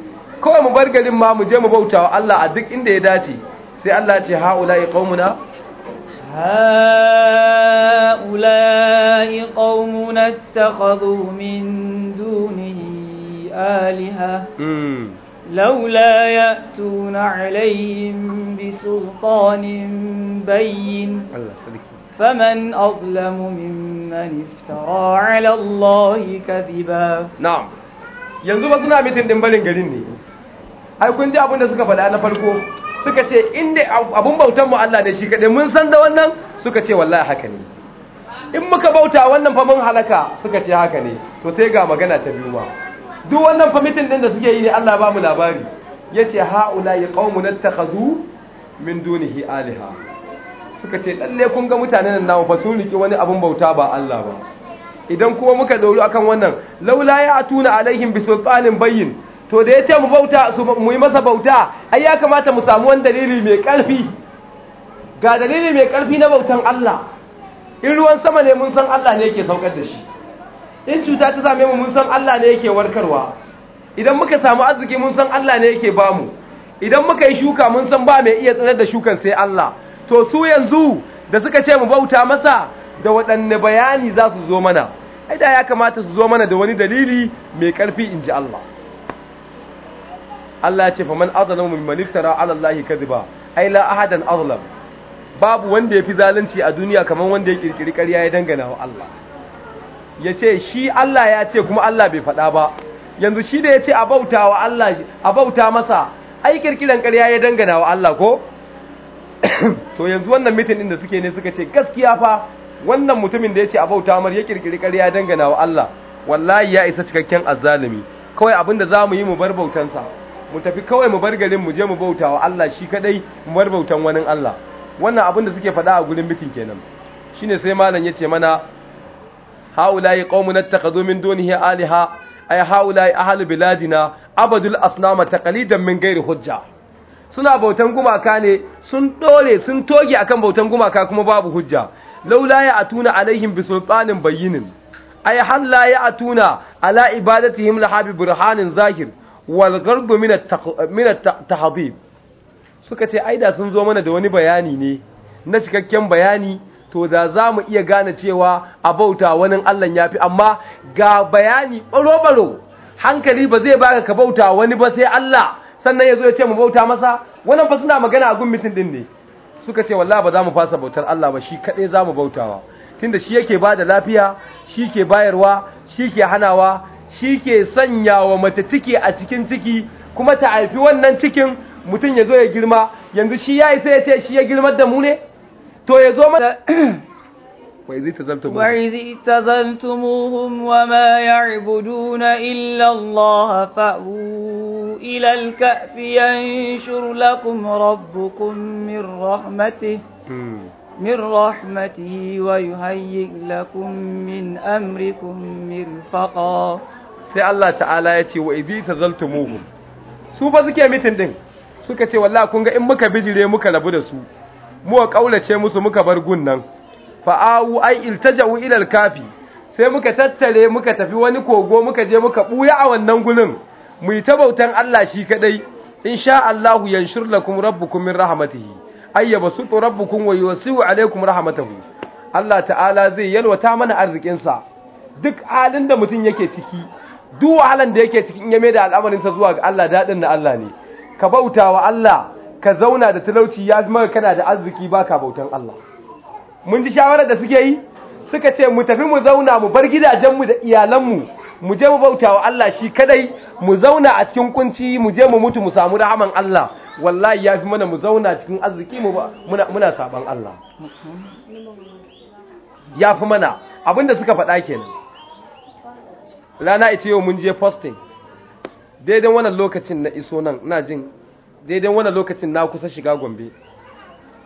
kawai mu bar garin ma mu je mu bauta wa Allah a duk inda ya dace sai Allah ce haula'i qaumuna haula'i qaumuna ittakhadhu min dunihi alaha hmm. لولا يأتون عليهم بسلطان بين فمن أظلم ممن افترى على الله كذبا نعم yanzu ba suna mitin din barin garin ne ai kun ji abin da suka faɗa na farko suka ce inda abun bautan mu Allah ne shi kaɗai mun san da wannan suka ce wallahi haka ne in muka bauta wannan fa mun halaka suka ce haka ne to sai ga magana ta biyu ma duk wannan famitin din da suke yi ne Allah ba mu labari ya yace haula ya na takhazu min dunihi aliha suka ce ɗanne kun ga mutane nan fa sun wani abin bauta ba Allah ba idan kuma muka a akan wannan laula ya tuna alaihin bisu tsanin bayin, to da yace mu bauta mu yi masa bauta ai ya kamata mu samu wani dalili mai ƙarfi, ga dalili mai ƙarfi na bautan Allah in ruwan sama ne mun san Allah ne yake saukar da shi in cuta ta same mu mun san Allah ne yake warkarwa idan muka samu arziki mun san Allah ne yake bamu idan muka yi shuka mun san ba mai iya tsanar da shukan sai Allah to su yanzu da suka ce mu bauta masa da waɗanne bayani za su zo mana ai da ya kamata su zo mana da wani dalili mai ƙarfi inji Allah Allah ya ce fa faman mu mimman iftara ala Allah kadhiba ai la ahadan azlam babu wanda ya fi zalunci a duniya kamar wanda ya kirkiri ƙarya ya dangana wa Allah ya ce shi Allah ya ce kuma Allah bai faɗa ba yanzu shi da ya ce a bauta masa ai kirkiran karya ya dangana wa Allah ko to yanzu wannan mitin inda da suke ne suka ce gaskiya fa wannan mutumin da ya ce a bauta mar ya kirkiri ƙarya ya dangana wa Allah wallahi ya isa cikakken azzalumi kawai abin da za mu yi mu bar bautansa mu tafi kawai mu bar garin mu je mu bauta wa Allah shi kadai mu bar bautan wani Allah wannan abin da suke faɗa a gurin mitin kenan shine sai malam ya ce mana ha'ulayi qaumun ittakhadhu min dunihi alaha ay haula'i ahli biladina abadul asnama taqlidan min ghairi hujja suna bautan gumaka ne sun dole, sun toge akan bautan gumaka kuma babu hujja laula ya atuna alaihim bi sultanin bayyinin ay halla ya atuna ala ibadatihim Habib, burhanin zahir wal gardu min at tahdhib suka ce aida sun zo mana da wani bayani ne na cikakken bayani to da za mu iya gane cewa a bauta wani Allah ya fi amma ga bayani ɓaro-ɓaro hankali ba zai baka ka bauta wani ba sai Allah sannan ya zo ya ce mu bauta masa wannan ba suna magana a gummitin din ne suka ce wallah ba za mu fasa bautar Allah ba shi kaɗai za mu bautawa tunda shi yake ba da lafiya shi ke bayarwa shi ke hanawa shi ke sanyawa mace ciki a cikin ciki kuma ta haifi wannan cikin mutum ya zo ya girma yanzu shi ya yi sai ya ce shi ya girmar da mu ne to ya zo mana وإذ اعتزلتموهم وإذ اعتزلتموهم وما يعبدون إلا الله فأووا إلى الكأف ينشر لكم ربكم من رحمته من رحمته ويهيئ لكم من أمركم مرفقا sai Allah ta'ala ya ce wa idhi tazaltumuhum su ba suke mitin din suka ce wallahi kun ga in muka bijire muka rabu da su Muwa kaulace musu muka bar gunnan fa'awu ai iltaja'u ila kafi sai muka tattare muka tafi wani kogo muka je muka buya a wannan gurin mu yi ta Allah shi kadai insha Allahu yanshur lakum rabbukum min rahmatihi ayya basutu rabbukum wa yusiu alaikum rahmatahu Allah ta'ala zai yalwata mana arzikinsa duk halin da mutun yake ciki duk wahalan da yake cikin ya maida al'amarin sa zuwa ga Allah dadin na Allah ne ka bauta wa Allah ka zauna da talauci ya zama kana da arziki ba ka bautan Allah mun ji shawarar da suke yi suka ce mu tafi mu zauna mu bar gidajenmu da iyalanmu mu je mu bauta wa Allah shi kadai mu zauna a cikin kunci mu je mu mutu mu samu rahaman Allah wallahi ya fi mana mu zauna cikin arziki mu muna muna saban Allah ya fi mana abinda suka faɗa kenan rana ita yau mun je fasting Daidai wannan lokacin na iso nan ina jin daidai wani lokacin na kusa shiga gombe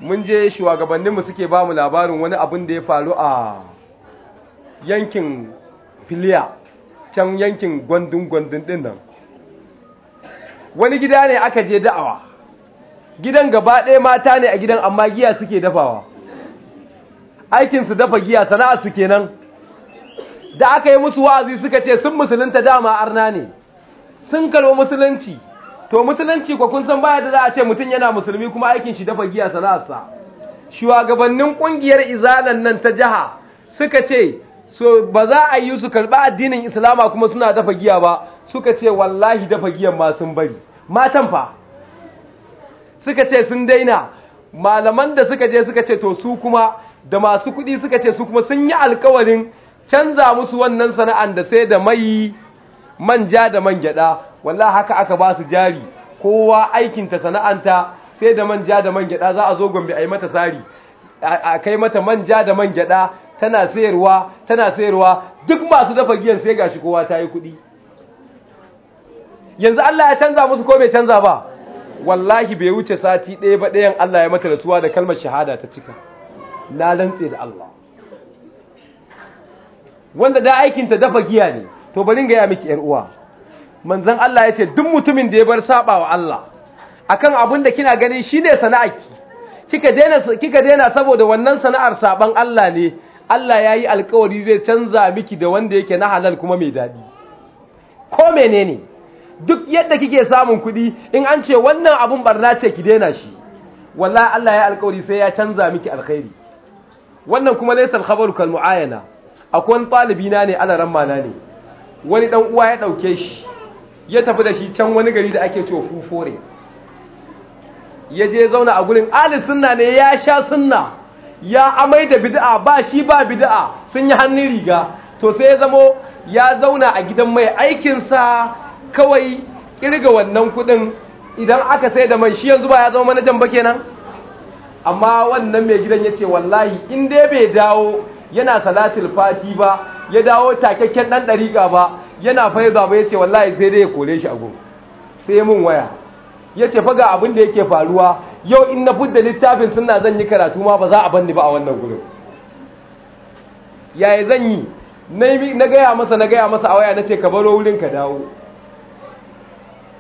mun je shugabanninmu suke ba mu labarin wani abin da ya faru a yankin filiya can yankin gwandun gwandun din nan wani gida ne aka je da'awa gidan gaba ɗaya mata ne a gidan amma giya suke dafawa aikinsu dafa giya sana'a su kenan da aka yi musu wa'azi suka ce sun musulunta dama arna ne sun kalwa musulunci to musulunci ko kun san baya da za a ce mutum yana musulmi kuma aikin shi dafa giya sana'arsa shugabannin kungiyar izalan nan ta jaha, suka ce so ba za a yi su karba addinin islama kuma suna dafa giya ba suka ce wallahi dafa giyan ma sun bari matan fa suka ce sun daina malaman da suka je suka ce to su kuma da masu kuɗi suka ce su kuma sun yi alkawarin canza musu wannan sana'an da sai da mai manja da man gyada wallahi haka aka ba su jari kowa aikinta sana'anta sai da manja da man gyada za a zo gombe a yi mata sari a kai mata manja da man gyada tana sayarwa tana sayarwa duk masu dafa giyan sai gashi kowa ta yi kuɗi yanzu Allah ya canza musu ko bai canza ba wallahi bai wuce sati ɗaya ba ɗayan Allah ya mata rasuwa da kalmar shahada ta cika na rantse da Allah wanda da aikinta dafa giya ne to bari ga ya miki yar uwa manzon Allah ya ce duk mutumin da ya bar saba wa Allah akan abin da kina ganin shi ne kika ki kika daina saboda wannan sana'ar saban Allah ne Allah ya yi alkawari zai canza miki da wanda yake na halal kuma mai daɗi? ko menene duk yadda kike samun kuɗi in an ce wannan abin barna ce ki daina shi wallahi Allah ya alkawari sai ya canza miki alkhairi wannan kuma laysa al-khabaru kal mu'ayana akwai wani talibi na ne alaran mana ne wani dan uwa ya dauke shi ya tafi da shi can wani gari da ake cewa fufore ya je zauna a gurin Ali sunna ne ya sha sunna ya amai da bid'a ba shi ba bid'a sun yi hannun riga to sai ya zamo ya zauna a gidan mai aikinsa kawai kirga wannan kudin idan aka sai da mai shi yanzu ba ya zama manajan ba kenan amma wannan mai gidan ya ce wallahi in dai bai dawo yana salatul fati ba ya dawo takakken dan dariƙa ba yana fa zaɓe ya ce wallahi sai dai ya kore shi a gun sai mun waya ya ce faga abin da yake faruwa yau in na fudda littafin suna zan yi karatu ma ba za a banni ba a wannan gurin yaya zan yi na gaya masa na gaya masa a waya na ce ka baro wurin ka dawo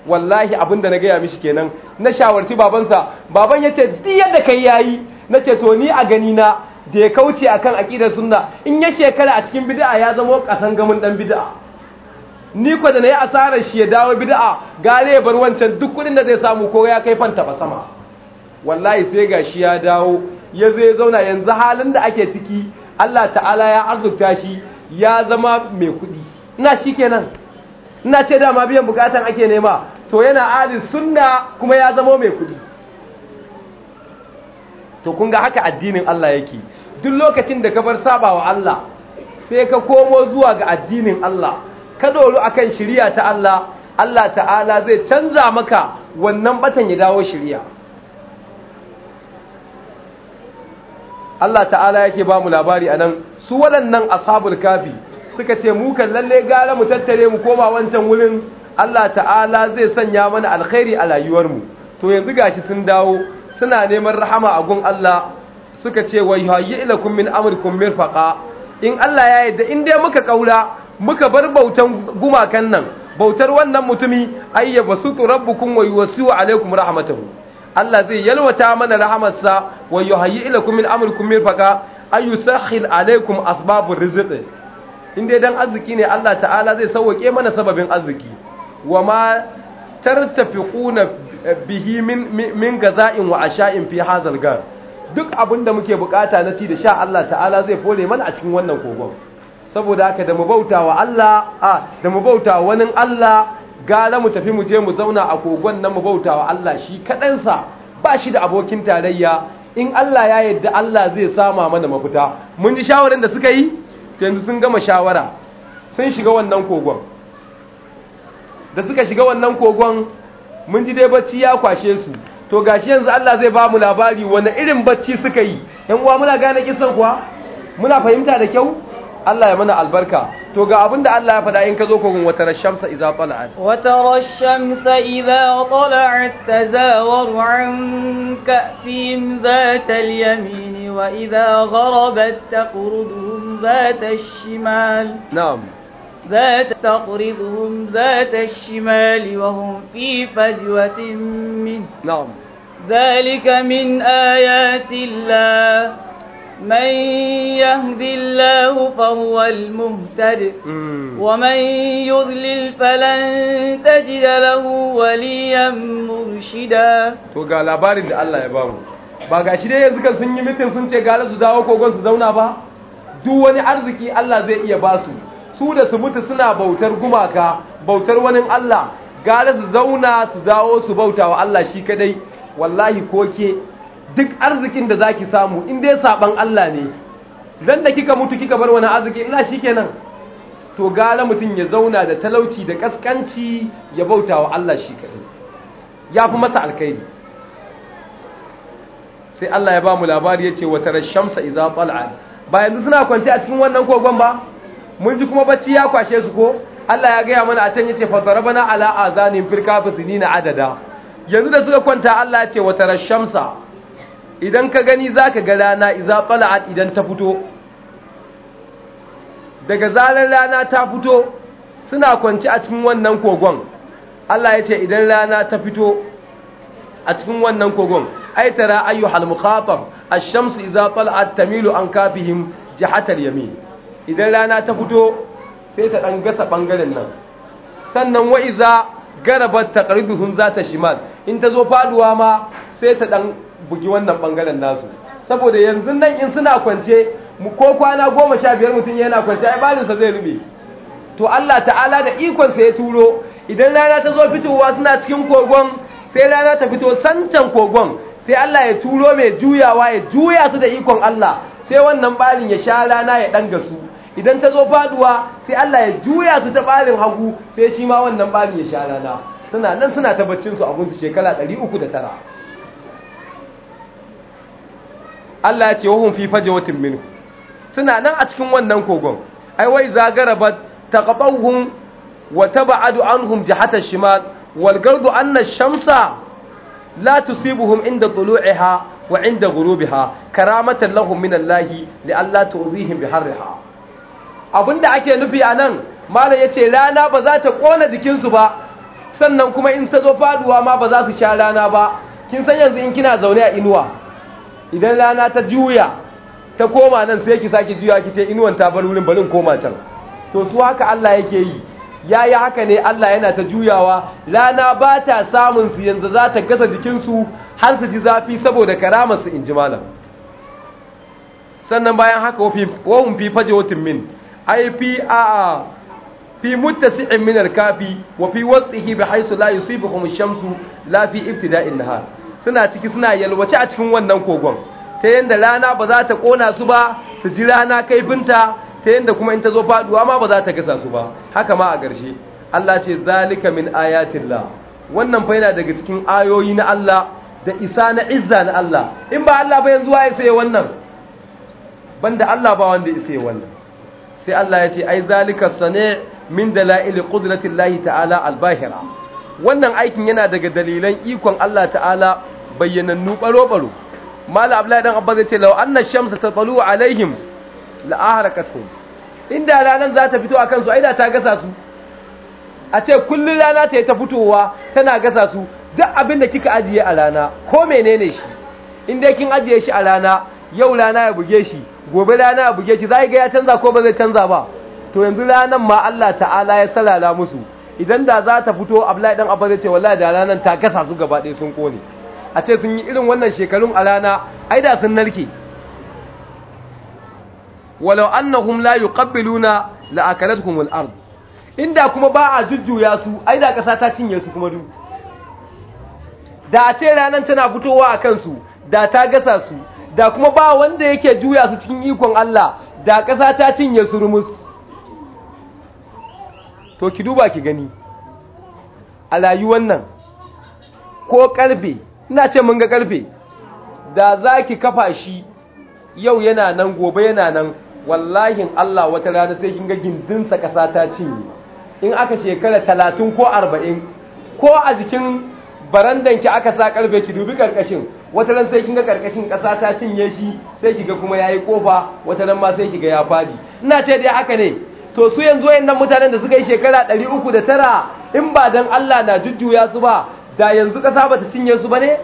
wallahi abin da na gaya mishi kenan na shawarci babansa baban ya ce duk yadda kai yayi na ce to ni a gani na da ya kauce a kan aqidar sunna in ya shekara a cikin bid'a ya zama kasan gamin dan bid'a ni ko da na yi asarar shi ya dawo bida'a, gare ya bar wancan duk kudin da zai samu ko ya kai fanta ba sama wallahi sai gashi ya dawo ya zai zauna yanzu halin da ake ciki Allah ta'ala ya arzuta shi ya zama mai kudi ina nan? ina ce dama biyan bukatan ake nema to yana ahli sunna kuma ya zama mai kudi to kun ga haka addinin Allah yake duk lokacin da ka bar sabawa Allah sai ka komo zuwa ga addinin Allah ka akan shiriya ta Allah Allah ta'ala zai canza maka wannan batan ya dawo shiriya Allah ta'ala yake ba mu labari anan su waɗannan ashabul kafi suka ce mu kan lalle gara mu tattare mu koma wancan wurin Allah ta'ala zai sanya mana alkhairi a rayuwar mu to yanzu ga shi sun dawo suna neman rahama a gun Allah suka ce wa ila ilakum min amrikum mirfaqa in Allah ya yarda in dai muka ƙaura? muka bar bautan gumakan nan bautar wannan mutumi ayya basutu rabbukum wa yuwassu alaikum rahmatahu Allah zai yalwata mana rahamarsa wa yuhayyi ilakum min amrikum mirfaqa ayusakhil alaikum asbabur rizq dai dan arziki ne Allah ta'ala zai sauke mana sababin arziki wa ma tartafiquna bihi min min gaza'in wa asha'in fi hadzal gar duk abinda muke bukata na ci da sha Allah ta'ala zai fole mana a cikin wannan kogon saboda haka da mu bauta wa Allah a da mu bauta wani Allah gara mu tafi mu je mu zauna a kogon nan mu bauta wa Allah shi kaɗansa ba shi da abokin tarayya in Allah ya yadda Allah zai sama mana mafita mun ji shawaran da suka yi yanzu sun gama shawara sun shiga wannan kogon da suka shiga wannan kogon mun ji dai bacci ya kwashe su to gashi yanzu Allah zai ba mu labari wani irin bacci suka yi yan uwa muna gane kisan kuwa muna fahimta da kyau الله يمنع البركة توقع ابن ده الله يفدع إنك ذوكم وترى الشمس إذا طلعت وترى الشمس إذا طلعت تزاور عن كأفهم ذات اليمين وإذا غربت تقردهم ذات الشمال نعم ذات تقرضهم ذات الشمال وهم في فجوة منه نعم ذلك من آيات الله من يهدي الله فهو المهتد ومن يضلل فلن تجد له وليا مرشدا to ga labarin da Allah ya bamu ba ga shi dai yanzu kan sun yi mitin sun ce gala su dawo kogon su zauna ba duk wani arziki Allah zai iya ba su su da su mutu suna bautar gumaka bautar wani Allah gala su zauna su dawo su bautawa Allah shi kadai wallahi ko ke. duk arzikin da zaki samu in dai saban Allah ne dan da kika mutu kika bar wani arziki illa shikenan to gara mutum ya zauna da talauci da kaskanci ya bautawa Allah shi kadai yafi masa alkhairi sai Allah ya ba mu labari yace Wata shamsa idza tal'at ba yanzu suna kwance a cikin wannan kogon ba mun ji kuma bacci ya kwashe su ko Allah ya gaya mana a can yace fadarabana ala azanin fil kafirin adada yanzu da suka kwanta Allah ya ce Wata shamsa idan ka gani za ka ga rana iza fala'at idan ta fito daga zarar rana ta fito suna kwanci a cikin wannan kogon Allah ya ce idan rana ta fito a cikin wannan kogon ai tara hal mukhafaf ash-shamsu iza fala'at tamilu an kafihim jihatal yamin idan rana ta fito sai ta dan gasa bangaren nan sannan wa iza garabat taqribuhum zata shimal in ta zo faduwa ma sai ta dan bugi wannan bangaren nasu saboda yanzu nan in suna kwance ko kwana goma sha biyar mutum yana kwance ai balinsa zai rube to Allah ta'ala da ikonsa ya turo idan rana ta zo fitowa suna cikin kogon sai rana ta fito sancan kogon sai Allah ya turo mai juyawa ya juya su da ikon Allah sai wannan balin ya sha rana ya ɗan gasu idan ta zo faduwa sai Allah ya juya su ta balin hagu sai shi ma wannan balin ya sha rana suna nan suna ta su abun su shekara 309 Allah ya ce wahum fi watin minhu suna nan a cikin wannan kogon ai wai zagarabat taqabahum wa tab'adu anhum jihata shimal wal gardu anna ash-shamsa la tusibuhum inda tulu'iha wa inda ghurubiha karamatan lahum min Allah li alla tu'dhihim biharriha abinda ake nufi anan malam yace rana ba za ta kona jikinsu ba sannan kuma in ta zo faduwa ma ba za su sha rana ba kin san yanzu in kina zaune a inuwa idan rana ta juya ta koma nan sai ki sake juya kice, inuwan ta bar wurin balin koma can to su haka Allah yake yi yayi haka ne Allah yana ta juyawa rana ba ta samun su yanzu za ta gasa jikinsu har su ji zafi saboda karamar su inji malam sannan bayan haka wahum fi faje fajwatin min ai fi a fi muttasi'in min al-kafi wa fi wasihi bi haythu la yusibuhum ash-shamsu la fi ibtida'in nahar suna ciki suna yalwace a cikin wannan kogon ta yadda rana ba za ta kona su ba su ji rana kaifinta ta yadda kuma in ta zo faɗuwa ma ba za ta gasa su ba haka ma a ƙarshe Allah ce zalika min la wannan fa yana daga cikin ayoyi na Allah da isa na izza na Allah in ba Allah ba yanzu waye sai wannan banda Allah ba wanda ya sai wannan sai Allah ya ce ai zalika sani min dalail qudratillahi ta'ala albahira wannan aikin yana daga dalilan ikon Allah ta'ala bayyanannu baro-baro mala abdullahi dan abba zai ce law anna shamsa tatalu alaihim la aharakatuhum inda ranan za ta fito akan su aida ta gasa su a ce kullun rana ta yi ta fitowa tana gasa su duk abin da kika ajiye a rana ko menene shi in dai kin ajiye shi a rana yau rana ya buge shi gobe rana ya buge shi zai ga ya canza ko ba zai canza ba to yanzu ranar ma Allah ta'ala ya salala musu idan da za ta fito abdullahi dan abba zai ce wallahi da ranan ta gasa su gaba ɗaya sun kone a ce sun yi irin wannan shekarun a rana ai da sun narke walau annahum la yuqabbiluna la akalathum al-ard inda kuma ba a jujjuya su ai da kasa ta cinye su kuma du da a ce ranan tana fitowa a kansu da ta gasa su da kuma ba wanda yake juya su cikin ikon Allah da kasa ta cinye su rumus to ki duba ki gani a rayuwar nan ko karfe ina ce mun ga karfe da za ki kafa shi yau yana nan gobe yana nan wallahin Allah wata rana sai kin ga gindinsa kasa ta cinye in aka shekara talatin ko arba'in ko a jikin barandanki aka sa karfe ki dubi karkashin wata ran sai kin ga karkashin kasa ta cinye shi sai kiga kuma yayi kofa wata ran ma sai kiga ya fadi ina ce dai haka ne to su yanzu wayannan mutanen da suka yi shekara tara in ba dan Allah na jujjuya su ba da yanzu ƙasa ba ta cinye su ba ne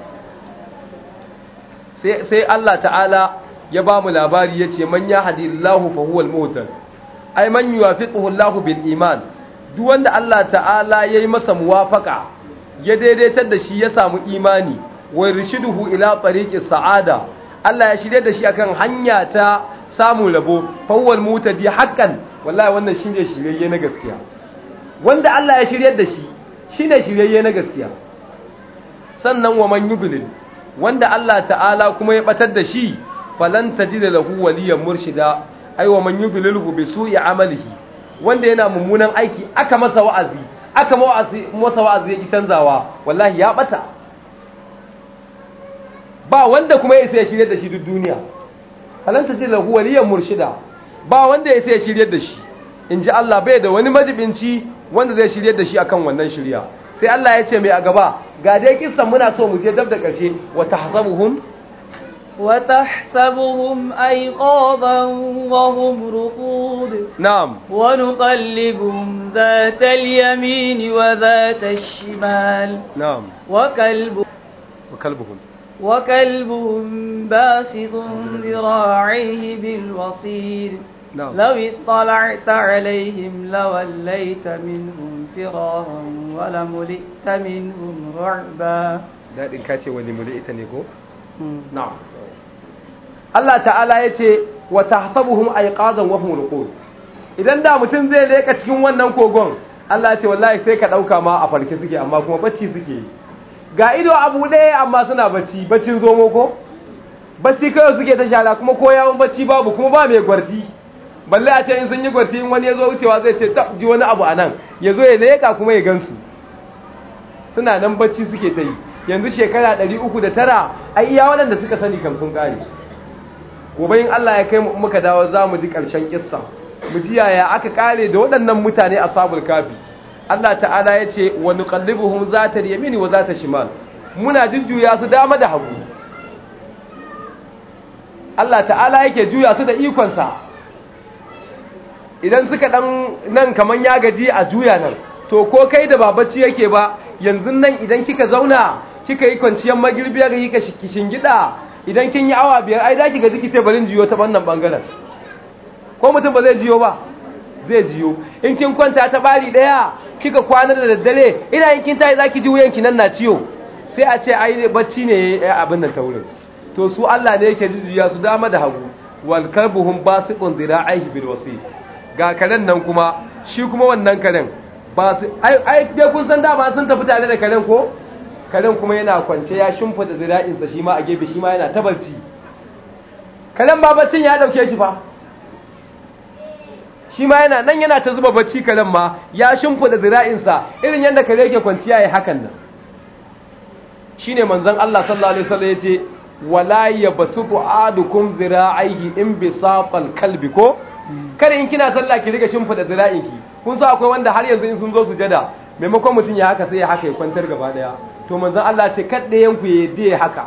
sai Allah ta'ala ya ba mu labari ya ce manya ya haɗi fa huwal motar ai man yi wafi bil iman duk wanda Allah ta'ala ya yi masa muwafaka ya daidaitar da shi ya samu imani wai rishiduhu ila tsariƙi sa'ada Allah ya shirya da shi akan hanya ta samun rabo fa huwal motar di hakan. wallahi wannan shi ne shiryayye na gaskiya wanda Allah ya shiryar da shi shi ne shiryayye na gaskiya sannan wa man yudlil wanda Allah ta'ala kuma ya batar da shi falan tajid lahu waliyan murshida ay wa man yudlilhu bi su'i amalihi wanda yana mummunan aiki aka masa wa'azi aka masa wa'azi ya ki wallahi ya bata ba wanda kuma ya isa ya shirye da shi duk duniya falan tajida lahu waliyan murshida ba wanda ya isa ya shirye da shi inji Allah bai da wani majibinci wanda zai shirye da shi akan wannan shirya sai Allah ya ce mai a gaba ga dai kissan muna so mu je dab da ƙarshe wa tahsabuhum wa tahsabuhum ayqadan wa hum ruqud na'am wa nuqallibuhum dhata al-yamin wa dhata ash-shimal na'am wa kalbu wa kalbuhum وكلبهم باسط ذراعيه بالوصيد لو اطلعت عليهم لوليت منهم فرارا ولملئت منهم رعبا daɗin ka ce wani muli ita ne ko? na'am Allah ta'ala ya ce wa tahsabuhum ayqazan wa hum ruqud idan da mutum zai leƙa cikin wannan kogon Allah ya ce wallahi sai ka ɗauka ma a farke suke amma kuma bacci suke ga ido a buɗe amma suna bacci baccin zomo ko bacci kawai suke ta shara kuma ko yawon bacci babu kuma ba mai gwardi balle a ce in sun yi gwarti in wani ya zo wucewa zai ce ji wani abu a nan ya zo ya leka kuma ya gansu suna nan bacci suke ta yi yanzu shekara ɗari uku da tara a iya waɗanda suka sani kam sun kare. gobe yin Allah ya kai mu muka dawo za mu ji ƙarshen kissa mu ji yaya aka kare da waɗannan mutane a sabul kafi Allah ta'ala ya ce wani wa za ta yamini wa za ta shimal muna jujjuya su dama da hagu Allah ta'ala yake juya su da ikonsa idan suka dan nan kaman ya gaji a juya nan to ko kai da ba bacci yake ba yanzu nan idan kika zauna kika yi kwanciyar magirbiyar kika gida idan kin yi awa biyar ai zaki ga ji sai barin jiyo ta wannan bangaren ko mutum ba zai jiyo ba zai jiyo in kin kwanta ta bari daya kika kwana da daddare ina yin kin tayi zaki ji ki nan na ciwo sai a ce ai bacci ne abin nan taurin to su Allah ne yake jujjuya su dama da hagu wal kalbuhum basiqun dira'ihi bil wasi ga karen nan kuma shi kuma wannan karen ba su ai dai kun san dama sun tafi tare da karen ko karen kuma yana kwance ya shimfida zira'insa shi ma a gefe shi ma yana tabarci karen ba baccin ya dauke shi fa shi ma yana nan yana ta zuba bacci karen ma ya shimfida zira'insa irin yadda kare yake kwanciya ya hakan nan shine manzon Allah sallallahu alaihi wasallam yace wala yabsutu adukum zira'aihi in bisaqal kalbi ko kada in kina sallah ki riga shimfida zira'in ki kun sa akwai wanda har yanzu in sun zo sujada maimakon mutum ya haka sai ya haka ya kwantar gaba daya to manzon Allah ce kada yanku ya yi haka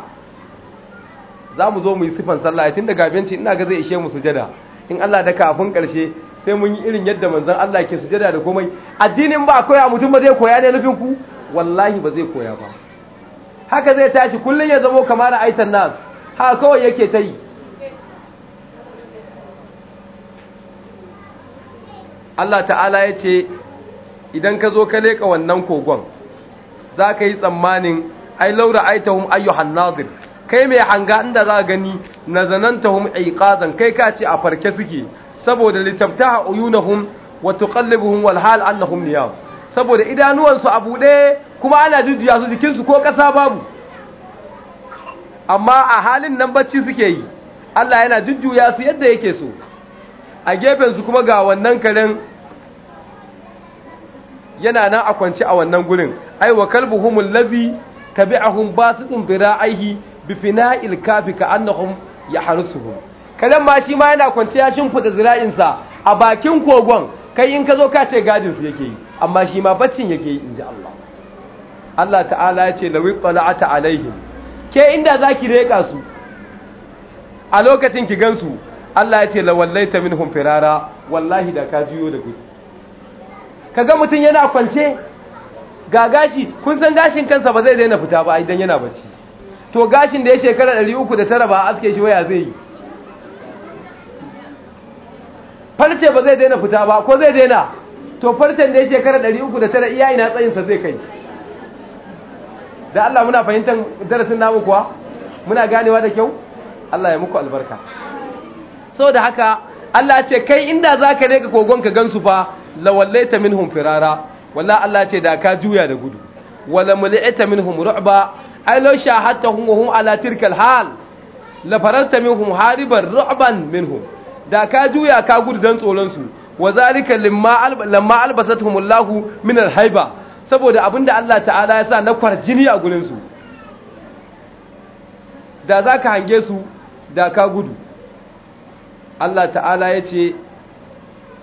za mu zo mu yi sifan sallah tun daga benci ina ga zai ishe mu sujada in Allah da kafin karshe sai mun yi irin yadda manzon Allah ke sujada da komai addinin ba koya mutum ba zai koya ne nufin ku wallahi ba zai koya ba haka zai tashi kullun ya zamo kamar aitan nas haka kawai yake ta yi Allah ta'ala ya ce idan ka zo ka leka wannan kogon za ka yi tsammanin ai laura aitahum ayyuhan nazir kai mai hanga inda za gani nazanantahum iqazan kai ka ce a farke suke saboda litabtaha uyunahum wa tuqallibuhum wal hal annahum niyam saboda idanuwansu a buɗe kuma ana jujjuya su jikinsu ko ƙasa babu amma a halin nan bacci suke yi Allah yana jujjuya su yadda yake so a gefensu kuma ga wannan karen yana nan a kwance a wannan gurin ai wa kalbuhumul ladhi tabi'ahum basitun biraihi bi fina'il kafi ka annahum yahrusuhum karen ma shi ma yana kwance ya shimfida zira'in sa a bakin kogon kai in ka zo ka ce gadin su yake yi amma shi ma baccin yake yi inji Allah Allah ta'ala ya ce lawi qala'ata alaihim ke inda zaki reka su a lokacin ki gansu Allah ya ce ta minhum firara wallahi da ka juyo da gudu kaga mutum yana kwance ga gashi kun san gashin kansa ba zai daina fita ba idan yana bacci to gashin da ya shekara 309 ba aske shi waya zai yi farce ba zai daina fita ba ko zai daina to farcen da ya shekara 309 iya ina tsayinsa zai kai da Allah muna fahimtar darasin namu kuwa muna ganewa da kyau Allah ya muku albarka da haka Allah ce kai inda ka leka kogon ka gansu fa min minhum firara walla Allah ce da ka juya da gudu wala mul'ita minhum ru'ba ai law shahadtahum wa hum ala tirkal hal la fararta minhum hariban ru'ban minhum da ka juya ka gudu dan tsoron su wa zalika lamma albasatuhum Allah min alhaiba saboda abinda Allah ta'ala ya sa na kwarjini a gurin su da zaka hange su da ka gudu Allah ta'ala ya ce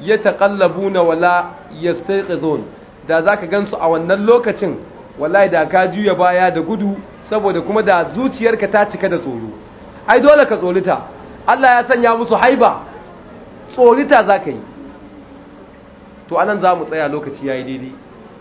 ya taƙallabu na wala ya da za ka gansu a wannan lokacin wallahi da ka juya baya da gudu saboda kuma da zuciyarka ta cika da tsoro ai dole ka tsorita Allah ya sanya musu haiba tsorita za ka yi to anan za mu tsaya lokaci ya yi daidai